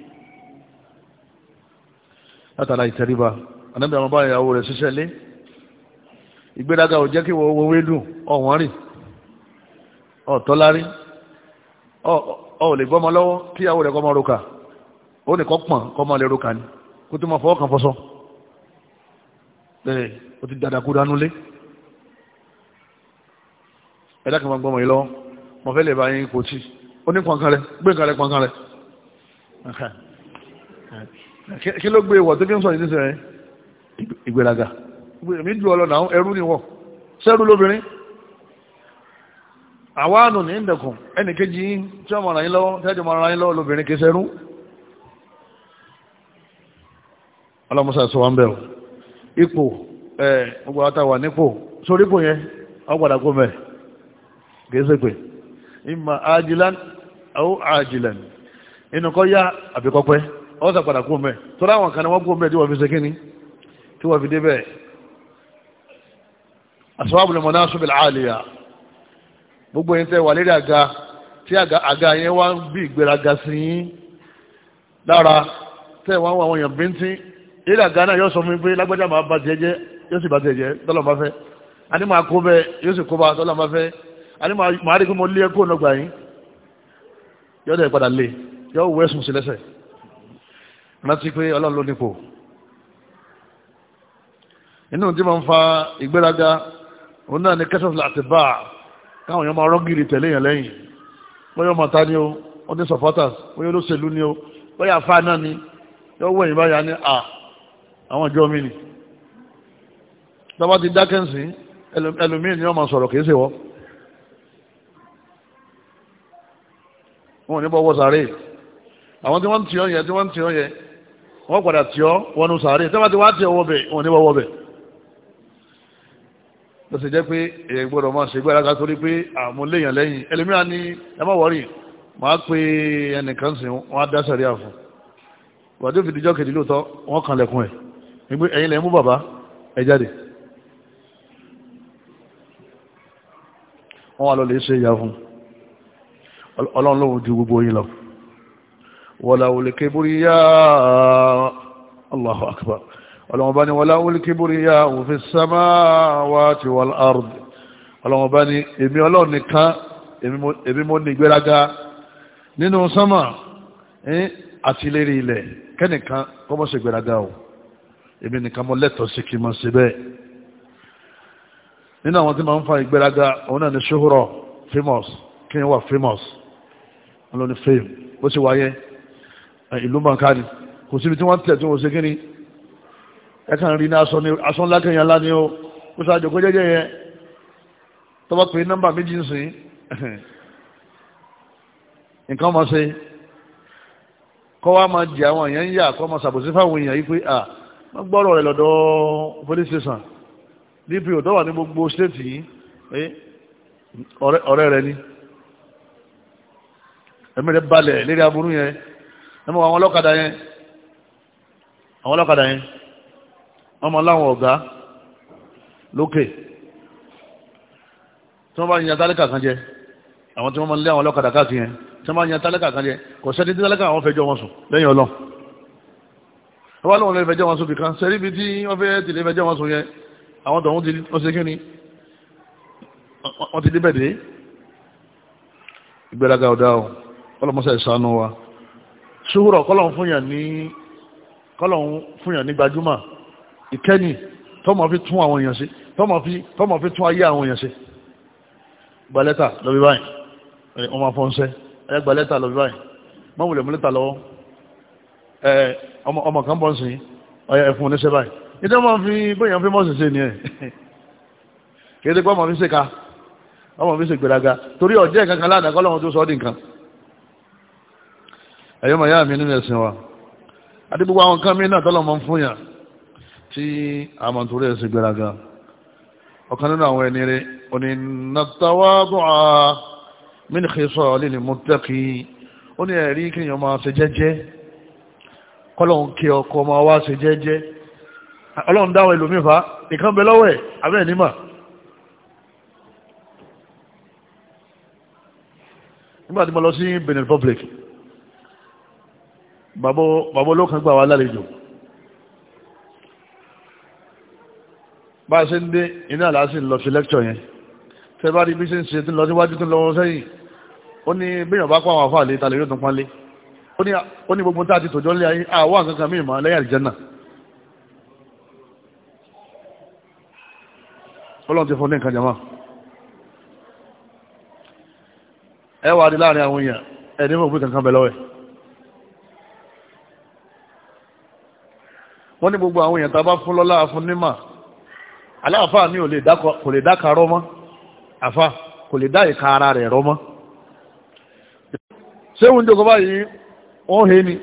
látara ìtẹríba anábì àwọn báyìí ìyàwó rẹ̀ ṣiṣẹ́ lé ìgbéraga ò jẹ́ kí wọ́n wọ́wé dùn ọ̀wọ́n rìn ọ̀tọ́lárí ọ̀ lè gbọ́mọ lọ́wọ́ kí ìyàwó rẹ̀ kọ́ mọ́ roka ó nìkan pọ̀n kọ́ lè roka ni kó tó mọ́ fọwọ́ kan fọṣọ bẹ́ẹ̀ ó ti dàdàkú dánú lé ẹ̀dá kan máa gbọ́mọ yìí lọ́wọ́ mo fẹ́ lè bá yín kò tí ó ní pọ̀nkan kí ló gbé ìwọ̀ tó kí ń sọ èmi ọlọ́nà ẹrú lóbìnrin àwáànù ní ìdẹ̀kùn ẹnì kejì tí wọ́n mọ̀ràn yín lọ́wọ́ tẹ́jọ́ mọ̀ràn yín lọ́wọ́ lóbìnrin kì í sẹ́rú ọlọ́mọsá sọ wọn bẹ̀rù ipò ẹ̀ àtàwà nípò ìmọ̀ ajilan àwọn ajilan inú kọ́ yá àbíkọ́pẹ́ ọ́n sàpàdà kú mẹ́ tó ráwọn kan wọ́n kú mẹ́ tí wọ́n fi ṣe kíní tí wọ́n fi dé bẹ́ẹ̀ asọ́wọ́bù lè mọ̀ náà súnbìlà àlìyà gbogbo yẹn tẹ́ wà lérí àga tí àga yẹn wá ń bí ìgbéraga sí yín lára tẹ́ wọ́n wọ́n èèyàn bíntín lérí àga náà yóò sọ fún mi pé lágbájá máa bá tiẹ̀ jẹ́ yóò sì bá tiẹ̀ jẹ́ tọ́lọ́ àní màá rí kí mo lé ẹkọ́ ọ̀nàgbà yín yọ́ dẹ̀ padà lé yọ́ wọ ẹ̀sùn sí lẹ́sẹ̀ rántí pé ọlọ́run ló nípò inú tí ma ń fa ìgbéraga òun náà ni kẹsàn-án láti bá káwọn èèyàn máa rọ́gìrì tẹ̀lé yẹn lẹ́yìn bóyá ọmọ ta ni o ó ní supporters bóyá olóṣèlú ni o bóyá afá náà ni yóò wẹ̀yìn báyà ní à àwọn ìjọ mi ni tọ́ba ti dákẹ́ǹsì ẹlòmíì ni wọ́n máa sọ̀rọ̀ kìí ṣe wọ́n. wọn ò ní bọ́ wọ sàárè àwọn tí wọ́n ti ọ́ yẹ tí wọ́n ti ọ́ yẹ wọ́n padà tí ọ́ wọnú sàárè tí wọ́n ti wá tí ọwọ́ bẹ̀ wọn ò ní bọ́ wọ́ bẹ̀ ló sì jẹ́ pé èyí gbọ́dọ̀ máa ṣe gbẹ́rẹ́gá torí pé àmúléyàn lẹ́yìn ẹlòmíràn ní ẹ má wọ́rì máa pe ẹnìkan sìn wọ́n á dá sàrí àfọ̀ wàdí òfin ìjọ kejì lóòótọ́ wọ́n kan lẹ̀kùn ẹ̀ nígbé ẹ̀yin lẹ́yìn mú bàbá ẹ jáde wọ́n wà lọ lè ṣe ìyá fún un ọlọ́run lóhun ju gbogbo yín lọ wọ́lá olùkẹ́ borí yá Allahu akbar ọlọ́run bá ní wọ́lá olùkẹ́ borí yá òun fi sámá wá ti wọ́lá àrùn ọlọ́run bá ní èmi ọlọ́run nìkan èmi mo ní ìgbéraga nínú sánmà àti lérí ilẹ̀ kẹ́nìkan kọ́ mọ́ sí ìgbéraga o èmi nìkan mọ́ lẹ́tọ̀ọ́ sí kí n mọ́ sí bẹ́ẹ̀ nínú àwọn tí máa ń fa ìgbéraga òun náà ní ṣúhúrọ̀ famous kí n wà famous wọn fail, ní fame bó ṣe wáyé ìlú mọ̀ká ni kò síbi tí wọ́n tẹ̀ tí wọ́n ṣe kí ni ẹ̀kan rí ní aṣọ ńlá kẹyàn lá ni ó kó sáájò kó jẹ́jẹ́ yẹn tó bá pè nọ́mbà méjì ń sìn nǹkan mọ̀ sí kọ́ wá máa jẹ àwọn èèyàn ń yà kọ́ máa ṣàbòsí fáwọn èèyàn yìí pé à wọ́n gbọ́rọ̀ rẹ̀ lọ́dọ̀ police station dp ò dọ́wà ní gbogbo state yìí ọ̀rẹ́ rẹ̀ ni ẹ̀mí rẹ̀ balẹ̀ lérí aburú yẹn ẹ̀mí àwọn ọlọ́kadà yẹn àwọn ọlọ́kadà yẹn wọ́n máa láwọn ọ̀gá lókè tí wọ́n bá yan tálíkà kan jẹ àwọn tí wọ́n máa lé àwọn ọlọ́kadà káàkiri yẹn tí wọ́n bá yan tálíkà kan jẹ kò sẹ́ni tí tálíkà àwọn fẹjọ́ wọn sùn lẹ́yìn ọlọ́ wọ́n lọ́wọ́ lè fẹjọ́ wọn sùn kìkan sẹ́rí ibi tí wọ́n fẹ́ tìlé fẹjọ́ wọn sùn yẹn àwọn tọ̀hún ti wọ́n ṣe kí wọ́n ti débẹ̀ dé ìgbéraga ọ̀dà ọ̀hún kọ́lọ̀mọ́sẹ̀ ìsànú wa ṣúhúrọ̀ kọ́lọ̀hún fúnyàn ní kọ́lọ̀hún fúnyàn ní gbajúmọ̀ ìkẹ́ni tọ́mọ̀ fi tún àwọn èèyàn sí tọ́mọ̀ fi tún ayé àwọn èèyàn sí gbalẹ́ta lọ́bí báyìí wọ́n máa fọ́nṣẹ́ ẹ gbalẹ́ta lọ́bí báyìí má wulẹ̀ mú lẹ́ta lọ́wọ́ ẹ ọmọ kan bọ́ ọyẹ ẹ̀fún oníṣẹ́ báyìí ìdá máa fi bóyá fi mọ́sìn sí ni ẹ̀ kéde pé ọmọ fi ṣe ka ọmọ fi ṣe gbèrágà torí ọ̀jẹ́ kankan lánàá kọ́lọ́hún tó sọ ọ́ dì ẹ̀yọ́ màá yá mi nínú ẹ̀sìn wa àti gbogbo àwọn kan mi náà tọ́lọ̀ mọ́ fún yàn tí a máa torí ẹ̀sìn gbéraga ọ̀kan nínú àwọn ẹni rẹ̀ òní nàtàwádùá min khisalil muttaqi ó ní ẹ̀rí kéèyàn máa ṣe jẹ́jẹ́ kọ́lọ̀hún kí ọkọ máa wá ṣe jẹ́jẹ́ ọlọ́run dáwọ̀ ẹlòmífà nìkan bẹ lọ́wọ́ ẹ̀ abẹ́ nímà nígbà tí mo lọ sí Benin Republic bàbá olókan gbà wá lálejò bá a ṣe ń dé iná àlàásì lọ sí lẹ́kṣọ̀ yẹn tẹ́ bá rí bí ṣe ń ṣe tí lọ síwájú tó lọ sẹ́yìn ó ní bíyàn bá pàwọn àfáà lè talẹ̀ yóò tún pánlé ó ní gbogbo tá a ti tòjọ́ lé ayé àwọn kankan míì mọ́ lẹ́yìn àlìjẹ́nà ọlọ́run ti fún ní nǹkan jama ẹ wà á láàrin àwọn èèyàn ẹ̀ ní mọ̀ òbí kankan bẹ̀ lọ́wọ́ ẹ̀ wọ́n ní gbogbo àwọn èèyàn tàbá fún lọ́lá fún nímà aláàfáà ní kò lè dáka rọ́ mọ́ àfá kò lè dá ìka ara rẹ̀ rọ́ mọ́ ṣé òun jẹ́ kọba yìí wọ́n hé ni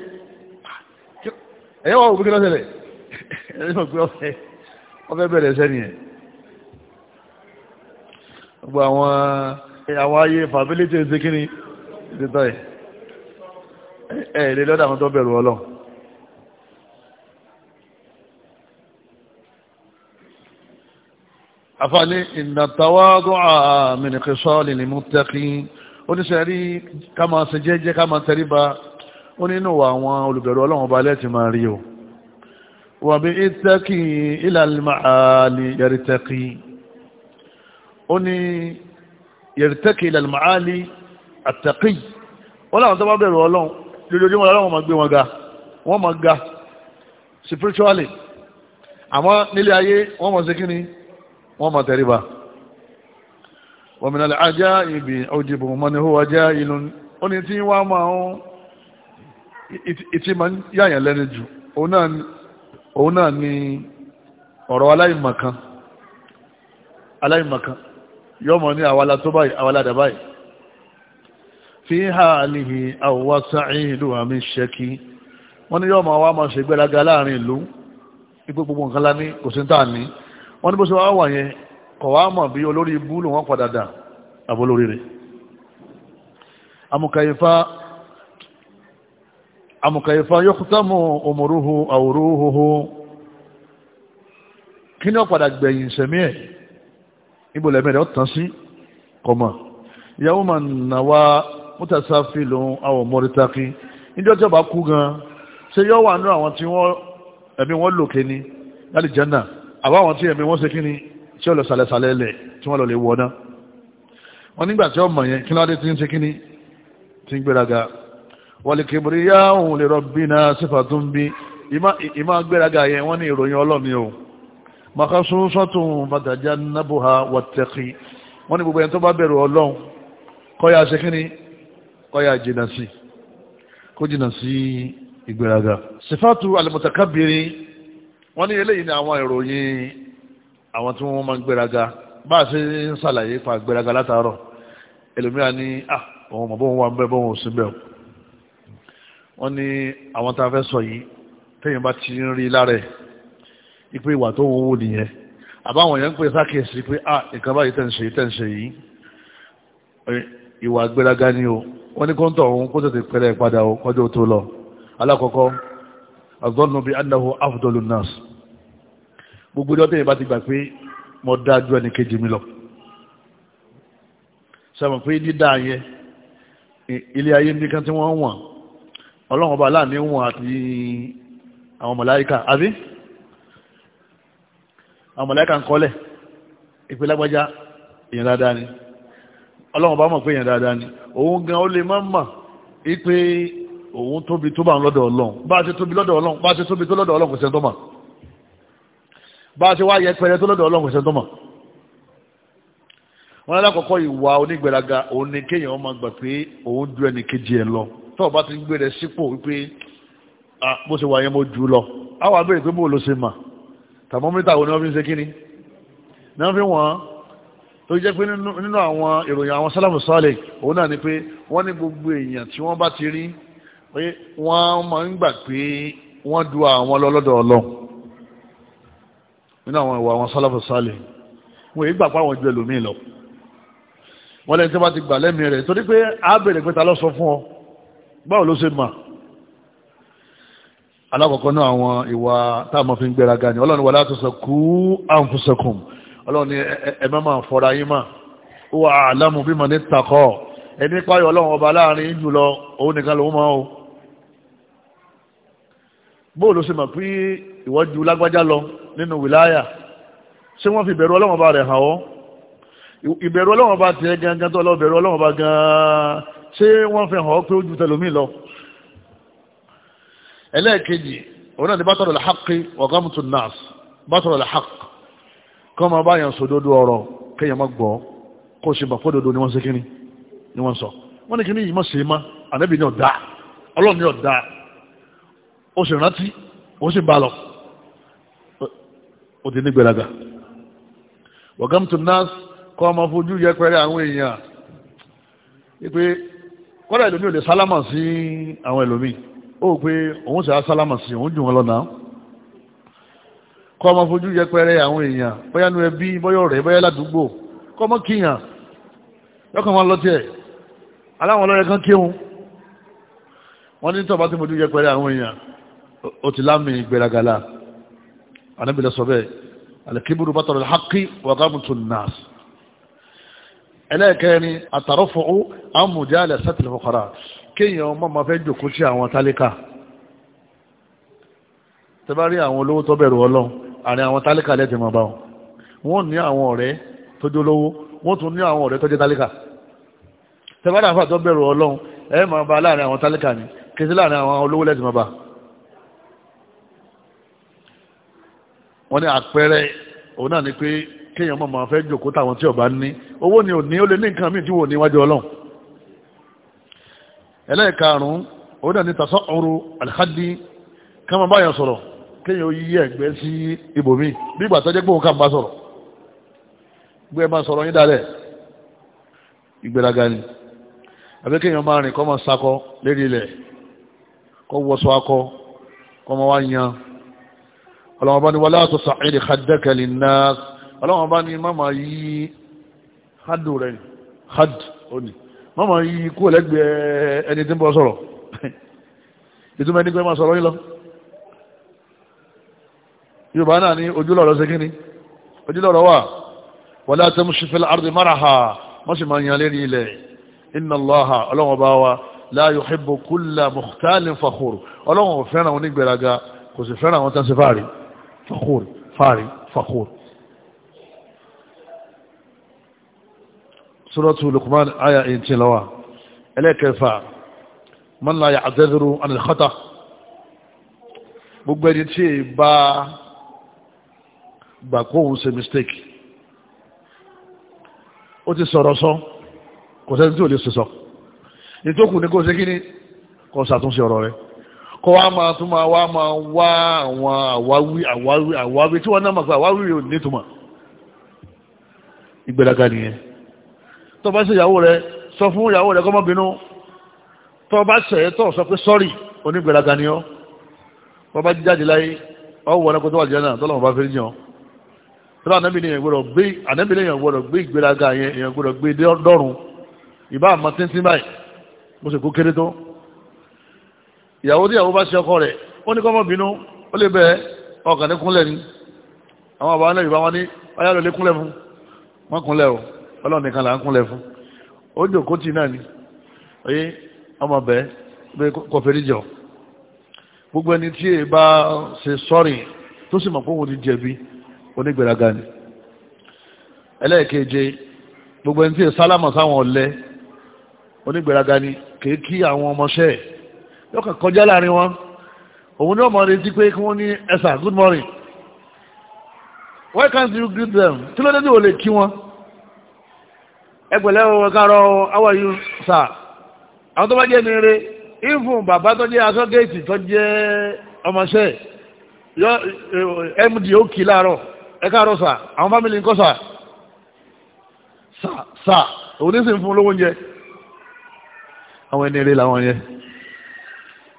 ẹ̀yẹ́ wà òkú kí lọ́sẹ̀lẹ̀ ọfẹ́ bẹ̀rẹ̀ sẹ́ni ẹ̀ gbogbo àwọn àwọn ayé fàbílítì ẹ̀ẹ́dẹ́kíní ìdítọ́ ẹ̀ ẹ̀ lè lọ́dà àwọn tó bẹ̀rù ọlọ́run àfààní ìnàtàwádọ́ àmìnìkẹsọ́ lè mọ́tẹ́kì oníṣẹ́rí ká máa ṣe jẹ́jẹ́ ká máa tẹríba ó nínú àwọn olùbẹ̀rù ọlọ́run ọba lẹ́tì máa rí o wà bí ìtẹ́kì ìlàlìmáàlì yẹrìtẹ́kì ó ní yẹrìtẹ́kì ìlàlìmáàlì àtẹ́kì wọ́n láwọn tó bá bẹ̀rù ọlọ́run lójoojúmọ́ ọlọ́run máa gbé wọ́n mọ̀ tẹríba wa min al-ajā'ib ujibu man huwa jā'il ó ní ilu wọ́n máa ń ìtí máa ń yáyàn lẹ́nu jù òun náà ni ọ̀rọ̀ aláìmọ̀kan aláìmọ̀kan yóò mọ̀ ní àwàlá tó fi ha àwọ̀wá sáàrin láàrin ìlú ipò nǹkan lá ní kò sí wọ́n ní bó ṣe wá wà yẹn kọ̀ mọ̀ bí olórí ibú ló wọ́n padà dà àbò lórí rẹ̀ amùkàyífà yọ́kútàmù òmùrúhu àwòrúhuhu kí ní ọ̀padà gbẹ̀yìn sẹ̀mí ẹ̀ ibò ọ̀tàn sí kọmọ̀ ìyàwó ma nà wá mútàsáfì lòun àwọn mọ́rítàkì níjọ́ tí ọba kú ṣe yọ́ wà nínú àwọn tí wọ́n ẹ̀mí wọ́n àbá àwọn tí ẹ̀mí wọ́n ṣe kí ni tí ó lọ sàlẹ̀sàlẹ̀ lẹ̀ tí wọ́n lọ lè wọ́ná wọ́n nígbà tí ọmọ yẹn kí ládé tí ń ṣe kí ni tí ń gbéraga wọ́n lè kébùrí yá òun lè rọ bí náà sífà tó ń bí ìmá gbéraga yẹn wọ́n ní ìròyìn ọlọ́ni o maka sún sọ́tún bàtàjá nábùhá wọ́tẹ́kì wọ́n ní gbogbo ẹni tó bá bẹ̀rù ọlọ́run kọ́yà ṣe kí ni kọ́yà jìnà sí kó jìnà sí ìgbéraga sífàtù alìmọ̀tàkábìrin wọ́n ní eléyìí ni àwọn ìròyìn àwọn tí wọ́n máa ń gbéraga bá a ṣe ń ṣàlàyé pa gbéraga látàárọ̀ ẹlòmíràn ní à ah, òun mọ̀ bóun wà ń bẹ́ bóun ò sí bẹ́ẹ̀ wọ́n ní àwọn tá a fẹ́ sọ yìí téèyàn bá ti ń rí lára ẹ̀ ipe ìwà tó wọ́n nìyẹn àbáwọn yẹn ń pè sákèsí pé à ah, nǹkan báyìí tẹ̀ ń ṣe tẹ̀ ń ṣe yìí ìwà gbéraga ni o wọ́n ní kọ́ńtọ̀ òun kó tètè pẹ́rẹ́ padà o kọjọ́ tó lọ alákọ̀ọ́kọ́ azọ́nù bíi annahu afdolun nas gbogbo ìdọ́tí ìbá ti gbà pé mo dájú ẹni kejì mi lọ sọmọ pé dídá yẹn ilé ayé nìkan tí wọ́n wọ̀n ọlọ́run ọba aláàní wọ̀n àti àwọn mọ̀láíkà àbí àwọn mọ̀láíkà ń kọ́lẹ̀ ìpè èèyàn dáadáa ni ọlọ́run ọba mọ̀ pé èèyàn dáadáa ni òun gan ó lè má mà ìpè òun tóbi tó bá ń lọ́dọ̀ ọlọ́run bá a ti tóbi lọ́dọ̀ ọlọ́run bá a ti tóbi tó lọ́dọ̀ ọlọ́run kò sẹ́ńtọ́ bá ṣe wá yẹ pẹrẹ tó lọ́dọ̀ ọlọ́run ṣe tó mọ̀ wọn lálákọ̀ọ́kọ́ ìwà onígbèraga òun ni kéèyàn ọmọ gbà pé òun ju ẹnì kejì ẹ lọ tọ́ọ̀ bá ti ń gbére sípò wípé ah, bó ṣe wà yẹn mo jù lọ àwọn abẹ́rẹ́ pé bó ló ṣe mà tàmọ́mítà wo ni wọ́n fi ń ṣe kíni ni wọ́n fi wọ́n tó jẹ́ pé nínú àwọn ìròyìn àwọn sálàmù sálẹ̀ òun náà ni pé wọ́n ní gbogbo èèyàn tí wọ́n bá ti rí wọ́n máa ń gbà pé wọ́n du àwọn lọ́lọ́dọ̀ ọlọ́run nínú àwọn ìwà àwọn sálàfù sálẹ̀ wọn èyí gbàgbọ́ àwọn ju ẹlòmíì lọ wọn lẹ́yìn tí wọ́n ti gbà lẹ́mí rẹ̀ torí pé a bèrè pé ta ló sọ fún ọ báwo ló ṣe mà alákọ̀ọ́kọ́ náà àwọn ìwà tá a mọ̀ fi ń gbéraga ni ọlọ́run wà láti sọ kú àǹfùsẹ̀kùn ọlọ́run ni ẹ má máa fọra yín mà ó wà àlámù bímọ ní takọ́ ẹni páyọ̀ ọlọ́run ọba láàrin jùlọ òun nìkan lòún máa o bóò ló ṣe pé ìwọ́jú lágbájá lọ nínú wìláyà ṣé wọ́n fi ìbẹ̀rù ọlọ́wọ́n bá rẹ̀ hàn ọ́ ìbẹ̀rù ọlọ́wọ́n bá tiẹ̀ gangan tó lọ bẹ̀rù ọlọ́wọ́n bá gan-an ṣé wọ́n fi hàn ọ́ pé ojú tẹlomi lọ. ẹlẹ́ẹ̀kejì òun náà ni bátọ̀rọ̀ làhàkì ọ̀gámùtù nas bátọ̀rọ̀ làhàkì kọ́ máa bá yàn sòdodo ọ̀rọ̀ kéèyàn má gbọ́ kó ó sì rántí ó sì bá lọ ó ti nígbèlága wọ̀gámtù nas kọ́ ọmọ fojú yẹpẹrẹ àwọn èèyàn wípé kọ́dà ìlòmí ò lè sálámà sí àwọn ìlòmí ó pé òun sì á sálámà sí òun jù wọn lọ́nà kọ́ ọmọ fojú yẹpẹrẹ àwọn èèyàn bóyá nu ẹbí bóyá ọ̀rẹ́ bóyá ládùúgbò kọ́ ọmọ kíyàn lọ́kàn wọn lọ́tẹ̀ aláwọn ọlọ́rẹ́ kan kéwọn wọ́n ní tọ́ba tí mo dúró yẹpẹrẹ àwọn èèyàn ó ti lámì ìgbéraga láà anábì lọ sọ bẹ́ẹ̀ alikibiru bàtọ̀rọ̀ hakí wàgámùtù nàás ẹlẹ́ẹ̀kẹ́rin àtàrọ́fọ̀ ó àmùjálẹ̀ sátìlẹ̀ fọkàrà kéèyàn ọmọ máa fẹ́ jòkó sí àwọn tálíkà tẹ́bárí àwọn olówó tó bẹ̀rù ọlọ́run àrin àwọn tálíkà lẹ́jẹ̀ máa bá wọn wọ́n ní àwọn ọ̀rẹ́ tó jẹ́ olówó wọ́n tún ní àwọn ọ̀rẹ́ tó jẹ́ tálíkà tẹ́bárí àfà tó bẹ̀rù ọlọ́run ẹ máa bá láàrin àwọn ni kìí sí láàrin àwọn olówó lẹ́jẹ̀ máa bá wọ́n ní àpẹẹrẹ òun náà ni pé kéèyàn mọ̀ máa fẹ́ jòkó táwọn tí ọba ní owó ni ò ní ó lé ní nǹkan míì tí wò níwájú ọlọ́run ẹlẹ́ẹ̀karùn-ún òun náà ni tàṣọ ọrù alhadi káma báyọ̀ sọ̀rọ̀ kéèyàn ó yí ẹ̀gbẹ́ sí ibòmíì bí ìgbà tó jẹ́ pé òun kà ń bá sọ̀rọ̀ gbé ẹ bá sọ̀rọ̀ yín dálẹ̀ ìgbéraga ni àbí kéèyàn máa rìn kọ́ máa sakọ lérí ilẹ̀ kọ́ wọṣọ ọlọ́wọ́n bá ní wọlé àtọ́ sàíri haddakali náà ọlọ́wọ́n bá ní mọ́mà yí hadu rẹ̀ had òní mọ́mà yí kú ẹlẹ́gbẹ̀ẹ́ ẹni tí ń bọ́ sọ̀rọ̀ ìtumọ̀ ẹni pé máa sọ̀rọ̀ yín lọ yorùbá náà ní ojúlọ̀rọ̀ ṣe kíni ojúlọ̀rọ̀ wà wọlé àtọ́ mùsùlùmí ardi maraha wọ́n sì máa yan lérí ilẹ̀ inna allaha ọlọ́wọ́n bá wa la yuhibbu kulla mukhtalin fakhur ọlọ́wọ́n fẹ́ràn onígbèraga kò sì fẹ́ràn àwọn tán sí fáàrí فخور، fàárí فخور. سورة لقمان آية eighteen lọ́wọ́ ẹlẹ́kẹfà man la ya'tadhiru anil khata gbogbo ẹni tí ì bá gbà kó òun ṣe mistake ó ti sọ̀rọ̀ sọ kò sẹ́ni tí ò lè sọ sọ ní tó ní kó ṣe kí ni kó ṣàtúnṣe ọ̀rọ̀ rẹ̀ kọ́ wá máa tún máa wá máa wá àwọn àwáwí àwáwí àwáwí tí wọ́n náà máa pẹ́ àwáwí rẹ̀ ò nítumọ̀ ìgbéraga nìyẹn tó bá ṣe ìyàwó rẹ sọ fún ìyàwó rẹ kọ́mọ́bìnú tó bá ṣe é tó sọ pé sọ́rì onígbéraga ni ọ́ wọ́n bá jáde láyé ọwọ́ ọ̀nà kó tó wà jẹ́ náà tọ́lọ́mọ̀ bá fẹ́ jẹun tọ́lá anábìnrin èèyàn gbọ́dọ̀ gbé anábìnrin èèyàn gbọ́dọ̀ gbé ìgbéraga yẹn èèyàn gbọ́dọ̀ gbé dọ́rùn ìbá àmọ́ tíntín báyìí mo sì ìyàwó tí ìyàwó bá ṣe ọkọ rẹ̀ ó ní kọ́mọ̀ bínú ó lè bẹ́ẹ̀ ọkàn ní kúnlẹ̀ ni àwọn àbá náà ìbá wọn ní ọyá lọ lè kúnlẹ̀ fún wọn kúnlẹ̀ o ọlọ́run nìkan là ń kúnlẹ̀ fún ó jò kó tì náà ni oyé ọmọ bẹ́ẹ̀ pé kò fẹ́rí jọ gbogbo ẹni tí èyí bá ṣe sọ́rì tó sì mọ̀ pé òun ti jẹ̀bi onígbèraga ni ẹlẹ́ẹ̀keje gbogbo ẹni tí èyí sálámọ̀ sáwọn ọ̀lẹ onígbèraga ni kèé àwọn ọmọṣẹ́ ẹ̀ yóò kàn kọjá láàrin wọn òun ní ọmọ retí pé kí wọ́n ní ẹ̀sà good morning why can't you greet them tí ló dé ní òòlè kí wọn ẹgbẹ̀lẹ́ o kárọ̀ how are you sir àwọn tó bá jẹ́ ní rere even bàbá tó jẹ́ aṣọ géètì tó jẹ́ ọmọṣẹ́ yọ eh, md ó kì í láàárọ̀ ẹ káàárọ̀ sà àwọn fámìlì ń kọ́ sà sà sà òun ní sì fún olówó oúnjẹ àwọn ẹni rere làwọn yẹn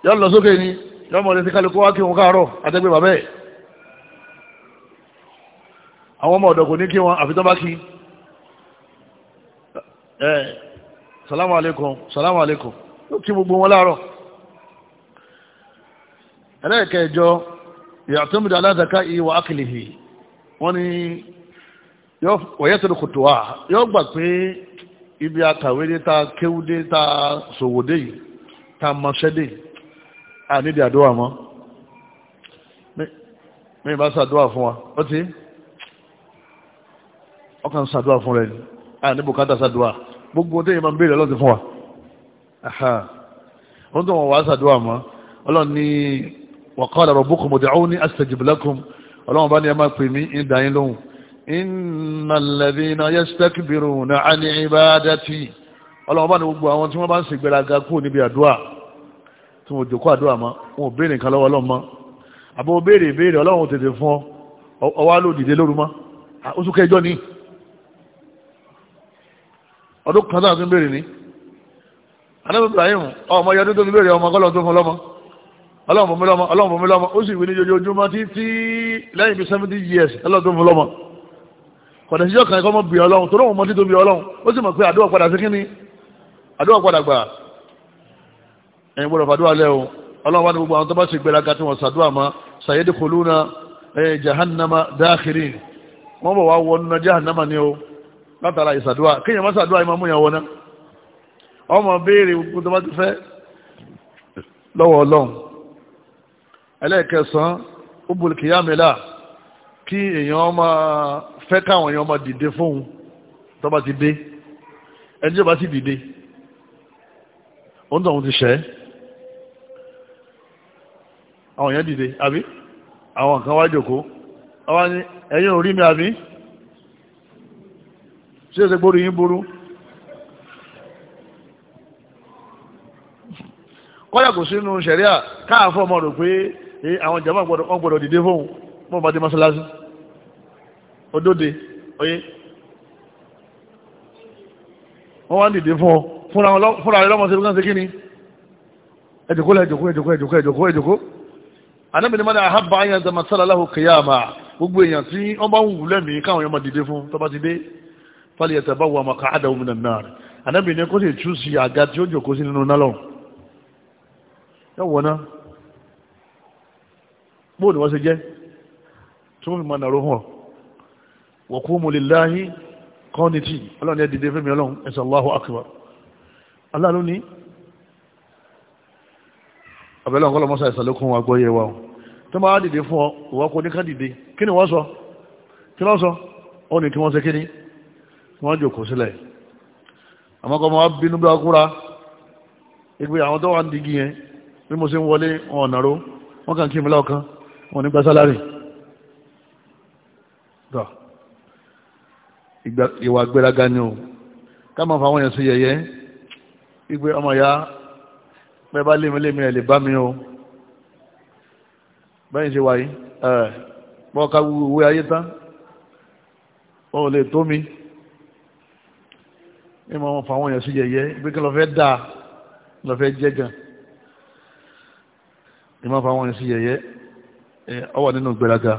yọ lọ sókè ni yọ mọ̀ lẹ́sí kálukú wá kí wọn káàárọ̀ àtẹ́gbẹ́ bàbẹ́ ẹ̀ àwọn ọmọ ọ̀dọ̀ kò ní kí wọn àfi tó bá kí ẹ̀ salamu alaikum salamu alaikum ló kí gbogbo wọn láàárọ̀ ẹlẹ́ẹ̀kẹjọ ìyàtọ́mìdà aládàká ìwà akìlìhì wọ́n ni wọ̀yẹ́sẹ̀rẹ̀ a nídìí àdúwà mọ́ mi bá sàdúwà fún wa ó ti ọkàn sàdúwà fún rẹ̀ a ní bùkátà sàdúwà gbogbo tó yẹ máa ń béèrè lọ́sí fún wa ó tó wọn wá sàdúwà mọ́ ọlọ́run ní wa qala rabbukum ud'uni astajib lakum ọlọ́run bá ní ẹ máa pè mí ìdá yín lóhùn inna alladhina yastakbiruna an ibadati ọlọ́run bá ní gbogbo àwọn tí wọ́n bá ń ṣègbéraga kúrò níbi àdúrà tí wọ́n jòkó àdúrà mọ́ wọn ò béèrè nǹkan lọ́wọ́ ọlọ́mọ àbọ̀ béèrè béèrè ọlọ́run tètè fún ọ ọwá ló dìde lóru mọ́ oṣù kẹjọ ni ọdún kan sáà tún béèrè ní anábì Ibrahim ọmọ yọdún tó fi béèrè ọmọ kọlọ tó fún lọ́mọ ọlọ́run fún mi lọ́mọ ọlọ́run fún mi lọ́mọ ó sì wí ní jojoojúmọ́ títí lẹ́yìn bíi seventy years ọlọ́run tó fún lọ́mọ kọ̀dà síjọ́ kan ẹ̀kọ́ mọ́ bìí ọlọ́run tó lóun mọ́ tító bìí ọlọ́run ó sì mọ̀ pé àdúrà padà sí kí ni àdúrà padà gbà ẹ̀yin gbọ́dọ̀ fàdúrà lẹ́ o ọlọ́run wá ní gbogbo àwọn tó bá sì gbéraga tí wọ́n sàdúrà mọ́ sàyẹ́dì kòlúna jahannama dáàkiri wọ́n bọ̀ wá wọnúna jahannama ni o látara ìsàdúrà kíyàn má sàdúrà ìmọ̀ múyàn wọná ọmọ béèrè gbogbo tó bá ti fẹ́ lọ́wọ́ ọlọ́run ẹlẹ́ẹ̀kẹsàn ó bùrù kí èèyàn máa fẹ́ káwọn èèyàn máa dìde fóun tó bá ti dé ẹni tí bá sì dìde òun tó òun ti ṣẹ́ àwọn èèyàn dìde àbí àwọn kan wá jòkó àwọn ni ẹ̀yin ò rí mi àbí ṣe ṣe gbórí yín burú kọ́lá kò sínú ṣẹ̀ríà káàfọ́ ọmọ rò pé àwọn jàmá gbọ́dọ̀ dìde fóun mọ́ bá dé mọ́sálásí odóde oyé wọ́n wá ń dìde fún ọ fúnra rẹ̀ lọ́mọ sí ẹ̀dùkú ẹ̀dùkú ẹ̀dùkú ẹ̀dùkú ẹ̀dùkú ẹ̀dùkú anábìnrin mọ́ni àhábà ayé ẹ̀dàmà sára aláhùn kìyàmà gbogbo èèyàn tí wọ́n bá ń wù lẹ́mí káwọn èèyàn máa dìde fún tọ́ba ti dé fálí ẹ̀tẹ̀ bá wà màkà àdà òmìnà náà rẹ̀ anábìnrin kó sì tú sí àga tí ó jòkó sí nínú náà lọ́wọ́ yọ̀wọ̀ náà bóò ni wọ́n ṣe jẹ́ tí fi máa nàró hàn wa qumu lillahi qanitin ọlọ́run ẹ̀ dìde fẹ́mi ọlọ́run ẹ̀sán Allahu akbar aláàlú ni àbẹ̀lẹ̀ ọ̀gọ́lọ̀ mọ́sá ìsàlókún wa gbọ́ yẹ wa o tó máa dìde fún ọ ní ká kí ni wọ́n sọ kí lọ́ ó ní kí wọ́n ṣe kí ni wọ́n jòkó sílẹ̀ àmọ́kọ́ máa bínú bí ọkúra igbe àwọn tó wà ń digi yẹn bí mo ṣe ń wọlé wọn ọ̀nà wọ́n kàn kí mi lọ́ọ̀kan wọn ní gba sálárì ìwà gbéraga ni o ká máa yẹn sí yẹyẹ igbe ọmọ ya bẹ́ẹ̀ bá lémi lémi ẹ̀ lè bá mi o bẹ́yìn ṣe wáyé ẹ̀ bọ́ọ̀ká ìwé ayé tán ó lè tó mi ní ma wọn fàwọn èèyàn sí yẹ̀yẹ́ bí kí lọ fẹ́ dáa lọ fẹ́ jẹ́ gan ní ma fàwọn èèyàn sí yẹ̀yẹ́ ọ wà nínú gbéraga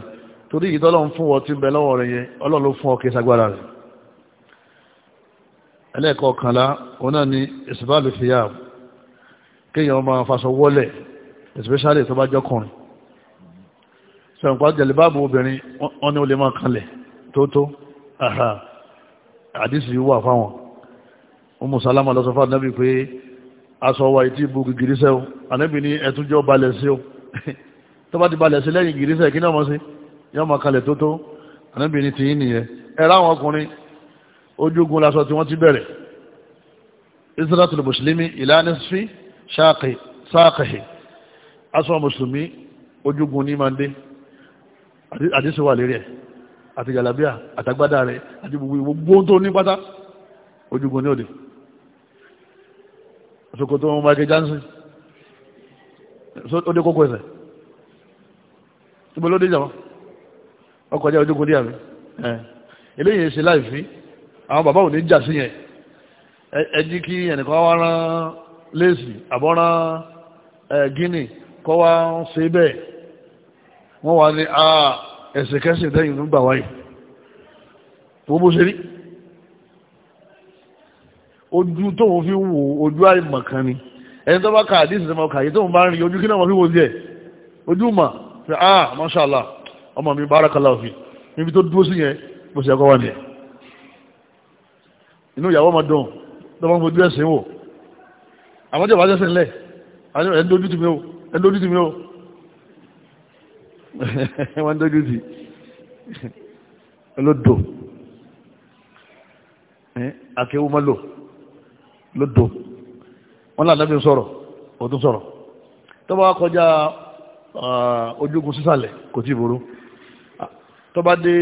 torí ìdọ́lọ́ ń fún ọ tí ń bẹ lọ́wọ́ rẹ̀ yẹn ọlọ́run ló fún ọ kìí sagbára rẹ̀ ẹlẹ́ẹ̀kọ̀ọ̀kànlá òun náà ni ìsìbáàlù fìyà kéèyàn máa faṣọ wọlẹ̀ especially tó bá jọkùnrin sọ̀rọ̀pá jẹ̀lẹ̀báàbù obìnrin wọ́n ní o lè máa kanlẹ̀ tó tó àdísì wà fáwọn Ummu Salama lọ sọ fún pé aṣọ wa ìtì bu gìgìrísẹ́ o ànábì ní ẹtújọ́ balẹ̀ sí o tó bá ti balẹ̀ sí lẹ́yìn gìgìrísẹ́ kí náà mọ́ sí yọ́ máa kanlẹ̀ tó tó ànábì ní tìyín nìyẹn ẹ ráwọn ọkùnrin ojúgun laṣọ tí wọ́n ti bẹ̀rẹ̀ israel muslim ìlànà sí sáàkì aṣọ mùsùlùmí ojúgun ní máa ń dé àdísí wà lérí ẹ̀ àti jàlábíà àtàgbádà rẹ̀ àti gbogbo tó ní pátá ojúgun ní òde ṣòkòtò Michael Johnson ó dé kókó ẹsẹ̀ tí mo ló dé jàmọ́ ọkọ̀ jẹ́ ojúgun ní àmì eléyìí léèsì àbọ̀rán gíní kọ́ wá ń ṣe bẹ́ẹ̀ wọ́n wá ní a ẹ̀sẹ̀kẹsẹ̀ dẹ́yìn nígbà wáyé tó bó ṣe rí ojú tóun fi wò ojú àìmọ̀kan ni ẹni tó bá ka àdísì tó máa kà yìí tóun bá ń rí ojú kí náà wọ́n fi wò díẹ̀ ojú mà fi a mashallah ọmọ mi barakallahu fi níbi tó dúró sí yẹn bó ṣe ẹkọ wà nìyẹn inú ìyàwó ọmọdún tó bá fojú ẹ̀sìn wò àwọn tí ò bá jẹ́sẹ̀ ńlẹ̀ ẹ̀ ń dojú ti mi o ẹ̀ ń dojú ti mi o wọ́n ń dojú ti olódò akéwúmọ́lò lódò wọ́n láti lẹ́bí sọ̀rọ̀ òtún sọ̀rọ̀ tó bá kọjá ojúgun sísàlẹ̀ kò tí ìború tó bá dé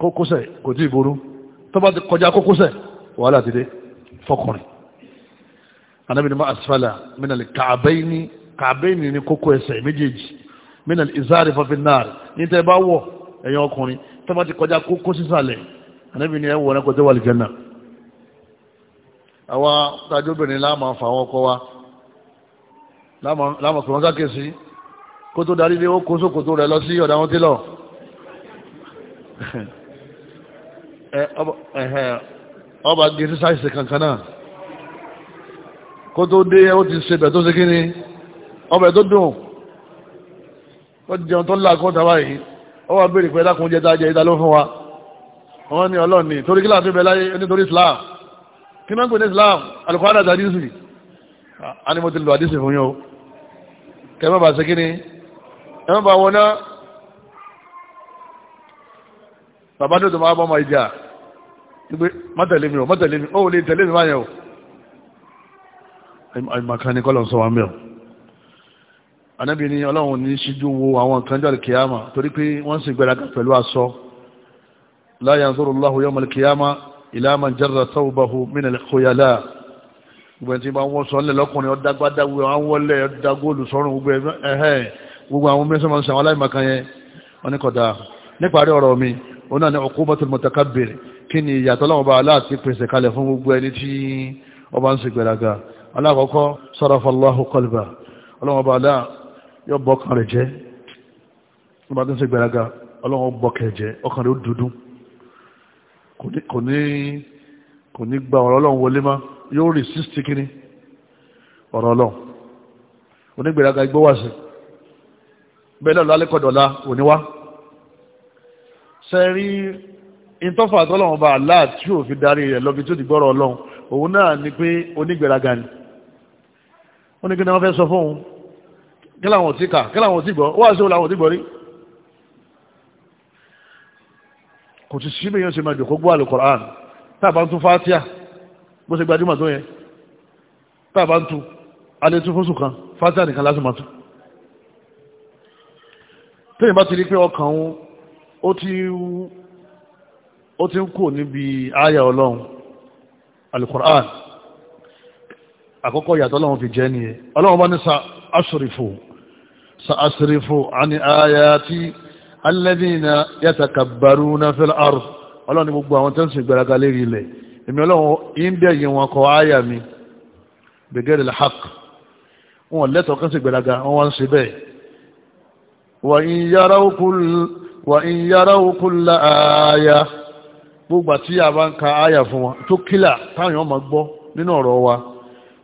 kókósẹ̀ kò tí ìború tó bá kọjá kókósẹ̀ wàhálà ti dé fọkùnrin anabi ni ma asfala minal ka'abaini ka'abaini ni kókó ẹsẹ̀ méjèèjì minal izari fafin náà ní tẹ́ bá wọ̀ ẹ̀yàn ọkùnrin tẹ́ bá ti kọjá kókó sísàlẹ̀ anabi ni ẹwọ̀ ẹ̀kọ́ tẹ́ wà lìjẹ́nà àwa tajúbìnrin láàmà fà wọn kọ́ wa láàmà kọ́ wọn kákèsí kó tó darí lé ó kó sókòtò lọ sí ọ̀dà wọn télọ̀ ọba gẹ̀ẹ́sì sáìsì kankan náà kó tó dé ó ti ṣe bẹ̀ tó ṣe kí ni ọbẹ̀ tó dùn ó ti jẹun tó ńlá kó tàbá yìí ó wá béèrè pé dákun jẹ dájẹ ìdá ló fún wa wọ́n ní ọlọ́ọ̀ni torí kí láti bẹ̀ láyé nítorí Islam kí náà ń pè ní Islam alukọ́dà àdìsí a ní mo ti fún yín o bá ṣe kí ni ẹ̀mẹ́ bá wọná bàbá tó tó máa bọ́ ọmọ ìjà má tẹ̀lé mi o má tẹ̀lé lè tẹ̀lé máa yẹn o àìmàkan ní kọ́lọ̀ sọ wa mẹ́ o anábì ni ọlọ́run ní ṣíjú wo àwọn kan jọ́ kìyàmà torí pé wọ́n sì gbéraga pẹ̀lú aṣọ la yanzurullahu yawmal kìyàmà ila man jarra thawbahu minal khuyala gbogbo ẹtí máa ń wọ́n sọ ọ́lẹ̀ lọ́kùnrin ọ̀dá gbádáwé àwọn wọlé ọ̀dá góòlù sọ́run gbogbo ẹ̀hẹ́ gbogbo àwọn mẹ́sàn máa ń sàwọn aláìmọ̀kan yẹn wọ́n ní alákọ̀ọ́kọ́ sarafallahu qalba ọlọ́wọ́n bá dáa yọ bọ́ ọkàn rẹ̀ jẹ́ nígbà tó ń ṣe gbẹ̀rẹ̀gà ọlọ́wọ́n bọ́ ọkàn rẹ̀ jẹ́ ọkàn rẹ̀ ó dúdú kò ní kò ní gba ọ̀rọ̀ ọlọ́run wọlé má yóò resist kíní ọ̀rọ̀ ọlọ́run onígbèrágà igbó wà sí bẹ́ẹ̀ náà lálẹ́kọ̀dọ̀lá òníwá sẹ́rí ìtọ́fà tọ́lọ́run bá aláà tí ò fi darí rẹ̀ lọ́bi tó ti gbọ́rọ̀ ọlọ́run òun náà ni pé onígbèrágà ni ó ní kí ni wọ́n fẹ́ sọ fún òun kí làwọn ò ti kà kí làwọn ò ti gbọ́ ó wà sí òun làwọn ò ti gbọ́ rí kò ti sí mìíràn ṣe máa jòkó gbọ́ àlùkọ̀rán tàbá ń tún fátíà bó ṣe gbajúmọ̀ tó yẹ tàbá ń tún alẹ́ tún fóṣù kan fátíà nìkan lásìmọ̀ tún tẹ́yìn bá ti rí pé ọkàn òun ó ti ó ti ń kò níbi àyà ọlọ́run àlùkọ̀rán àkọ́kọ́ ìyàtọ̀ ọlọ́run fi jẹ́ nìyẹn ọlọ́run bá ní sa asòrìfò sa asòrìfò àni ayati alladhina yatakabbaruna fil ard ọlọ́run ní gbogbo àwọn tẹ́sí ìgbéraga lérí ilẹ̀ èmi ọlọ́run yín bẹ́ẹ̀ yẹn wọn kọ àyà ọ̀rọ̀ wa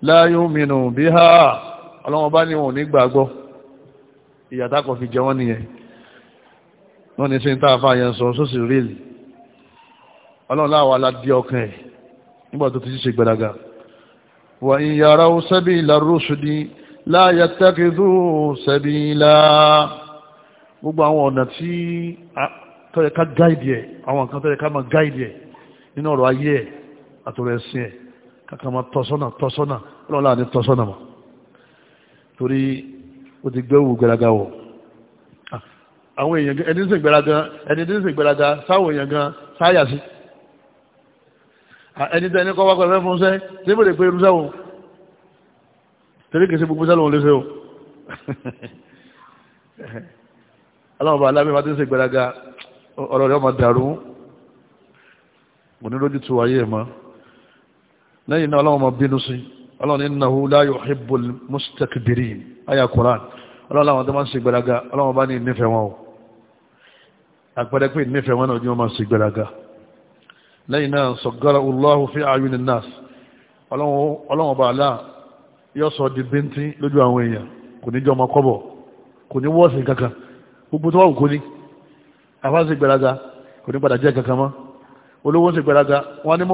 la yu'minu biha ọlọ́wọ́n bá ní wọn ò ní gbàgbọ́ ìyàtà kan fi jẹ wọ́n nìyẹn wọ́n ní sí ní táàfà yẹn sọ sósì ríìlì ọlọ́run láwọn aládìí ọkàn ẹ̀ nígbà tó ti ṣe gbẹ̀dàgà wa in yaraw sabila rushdi la yattakhidhu sabila gbogbo àwọn ọ̀nà tí tọ́yẹ ká gáìdì ẹ̀ àwọn nǹkan tọ́yẹ ká kàkà máa tọ́sọ́nà tọ́sọ́nà ọlọ́lá ní tọ́sọ́nà mọ̀ torí ó ti gbẹ́wò gbẹ́lága wọ̀ àwọn èèyàn ẹni sì gbẹ́lága ẹni tí ń sì gbẹ́lága sáwọn èèyàn gan sáyà sí ẹni tẹ́ ẹni kọ́ wá pẹ̀lú fún sẹ́ tí mo lè pe irúsẹ́ wọn torí kìí ṣe gbogbo sẹ́ lòun léṣe o aláwọ̀ alábẹ́ bá ti ń sì gbẹ́lága ọ̀rọ̀ rẹ̀ ọmọ dàrú mo ní lójú tu ayé ẹ̀ mọ́ lẹ́yìn náà na máa sí ọlọ́run innahu la yuhibbul mustakbirin àyà Qur'an ọlọ́run làwọn tó máa ń ṣe gbéraga bá ní o àpẹẹrẹ fi nas ọba gbogbo tó wà ní kò ní padà jẹ́ kankan mọ́ olówó ń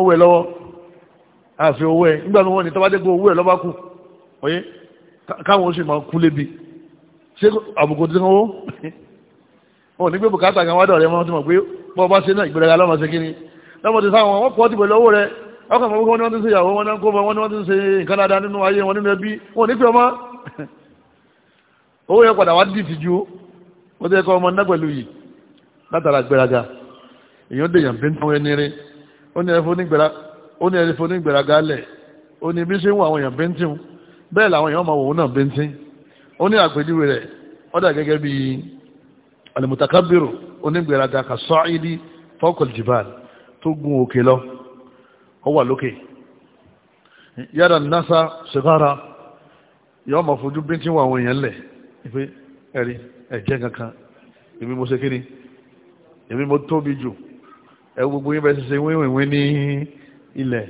wọ́n àfi owó ẹ̀ nígbà tí wọ́n ní tọ́bádégbò owó ẹ̀ lọ́bá kú oyé káwọn oṣù máa kú lébi ṣé àbùkù tí wọ́n wó wọn ní gbé bùkátà kan wádọ̀ rẹ mọ́ tí mọ̀ pé bọ́ bá ṣe náà ìgbéraga lọ́mọ ṣe kí ni lọ́mọ ti sáwọn wọn pọ̀ ti pẹ̀lú owó rẹ ọkàn mọ̀ wọn ni wọ́n ti ń ṣe ìyàwó wọn náà kó wọn ni wọ́n ti ń ṣe nǹkan dáadáa nínú ayé wọn nínú ẹbí wọn ní pé ọmọ owó yẹn padà wá dìtì ju ó tẹ́ kọ́ ọmọ náà pẹ̀lú yìí látara gbéraga èèyàn dèèyàn bí ń tán ẹni rí ó ní ẹfọ́ nígbéraga ó ní onye ní gbèrágá lẹ̀ ó ní bí ṣe ń wọ àwọn èèyàn bẹ́ntín bẹ́ẹ̀ làwọn èèyàn máa wò náà bẹ́ntín ó ní àpèjúwe rẹ̀ ó gẹ́gẹ́ bí alimutakabiru onígbèrágá kasọ́ìdí fọ́kọ̀lì tó gun òkè lọ ó wà lókè yàrá nasa ṣèkára yọ́ máa fojú bẹ́ntín wọ àwọn èèyàn lẹ̀ ife ẹ̀rí ẹ̀jẹ̀ kankan èmi mo ṣe kiri mo tóbi jù ẹ gbogbo yín ṣe wíwìnwín ní ilẹ̀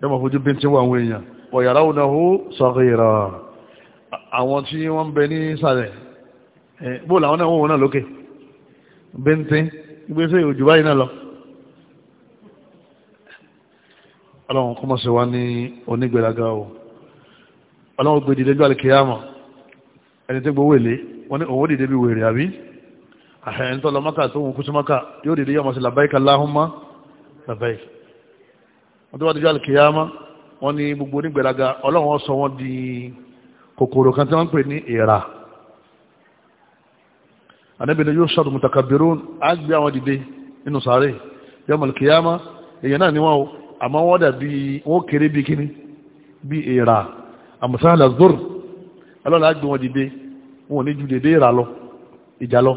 yọmọ fojú bí tí wọ́n àwọn èèyàn wọ̀yàrá ònàwó saghira àwọn tí wọ́n ń bẹ ní sàlẹ̀ bóòlù àwọn náà wọ́n náà lókè bí tí gbéṣẹ́ òjò báyìí náà lọ ọlọ́run kọ́mọ̀ sí wá ní onígbèrágá o ọlọ́run gbé dìde gbàlẹ̀ kìyàmọ̀ ẹni tí gbowó èlé wọ́n ní òun dìde bí wèrè àbí àhẹ́ntọ́lọ tó wù kú sí mọ́kà yóò dìde yọmọ̀ sí làbáyíkà láhùnmá làbáyíkà wọ́n tó bá dijọ́ àlùkìyàmá wọ́n ní gbogbo onígbèraga ọlọ́run sọ wọ́n di kòkòrò kan tí wọ́n ń pè ní èèrà anábìnrin yóò ṣàtò mutakabirun á gbé àwọn dìde nínú sàárè yọmọ àlùkìyàmá èèyàn náà ni wọ́n o àmọ́ wọ́n dàbí wọ́n kéré bí kíní bí èèrà àmùsáàlà zor ọlọ́run á wọn dìde wọn ò ní ju dèdè èèrà lọ ìjà lọ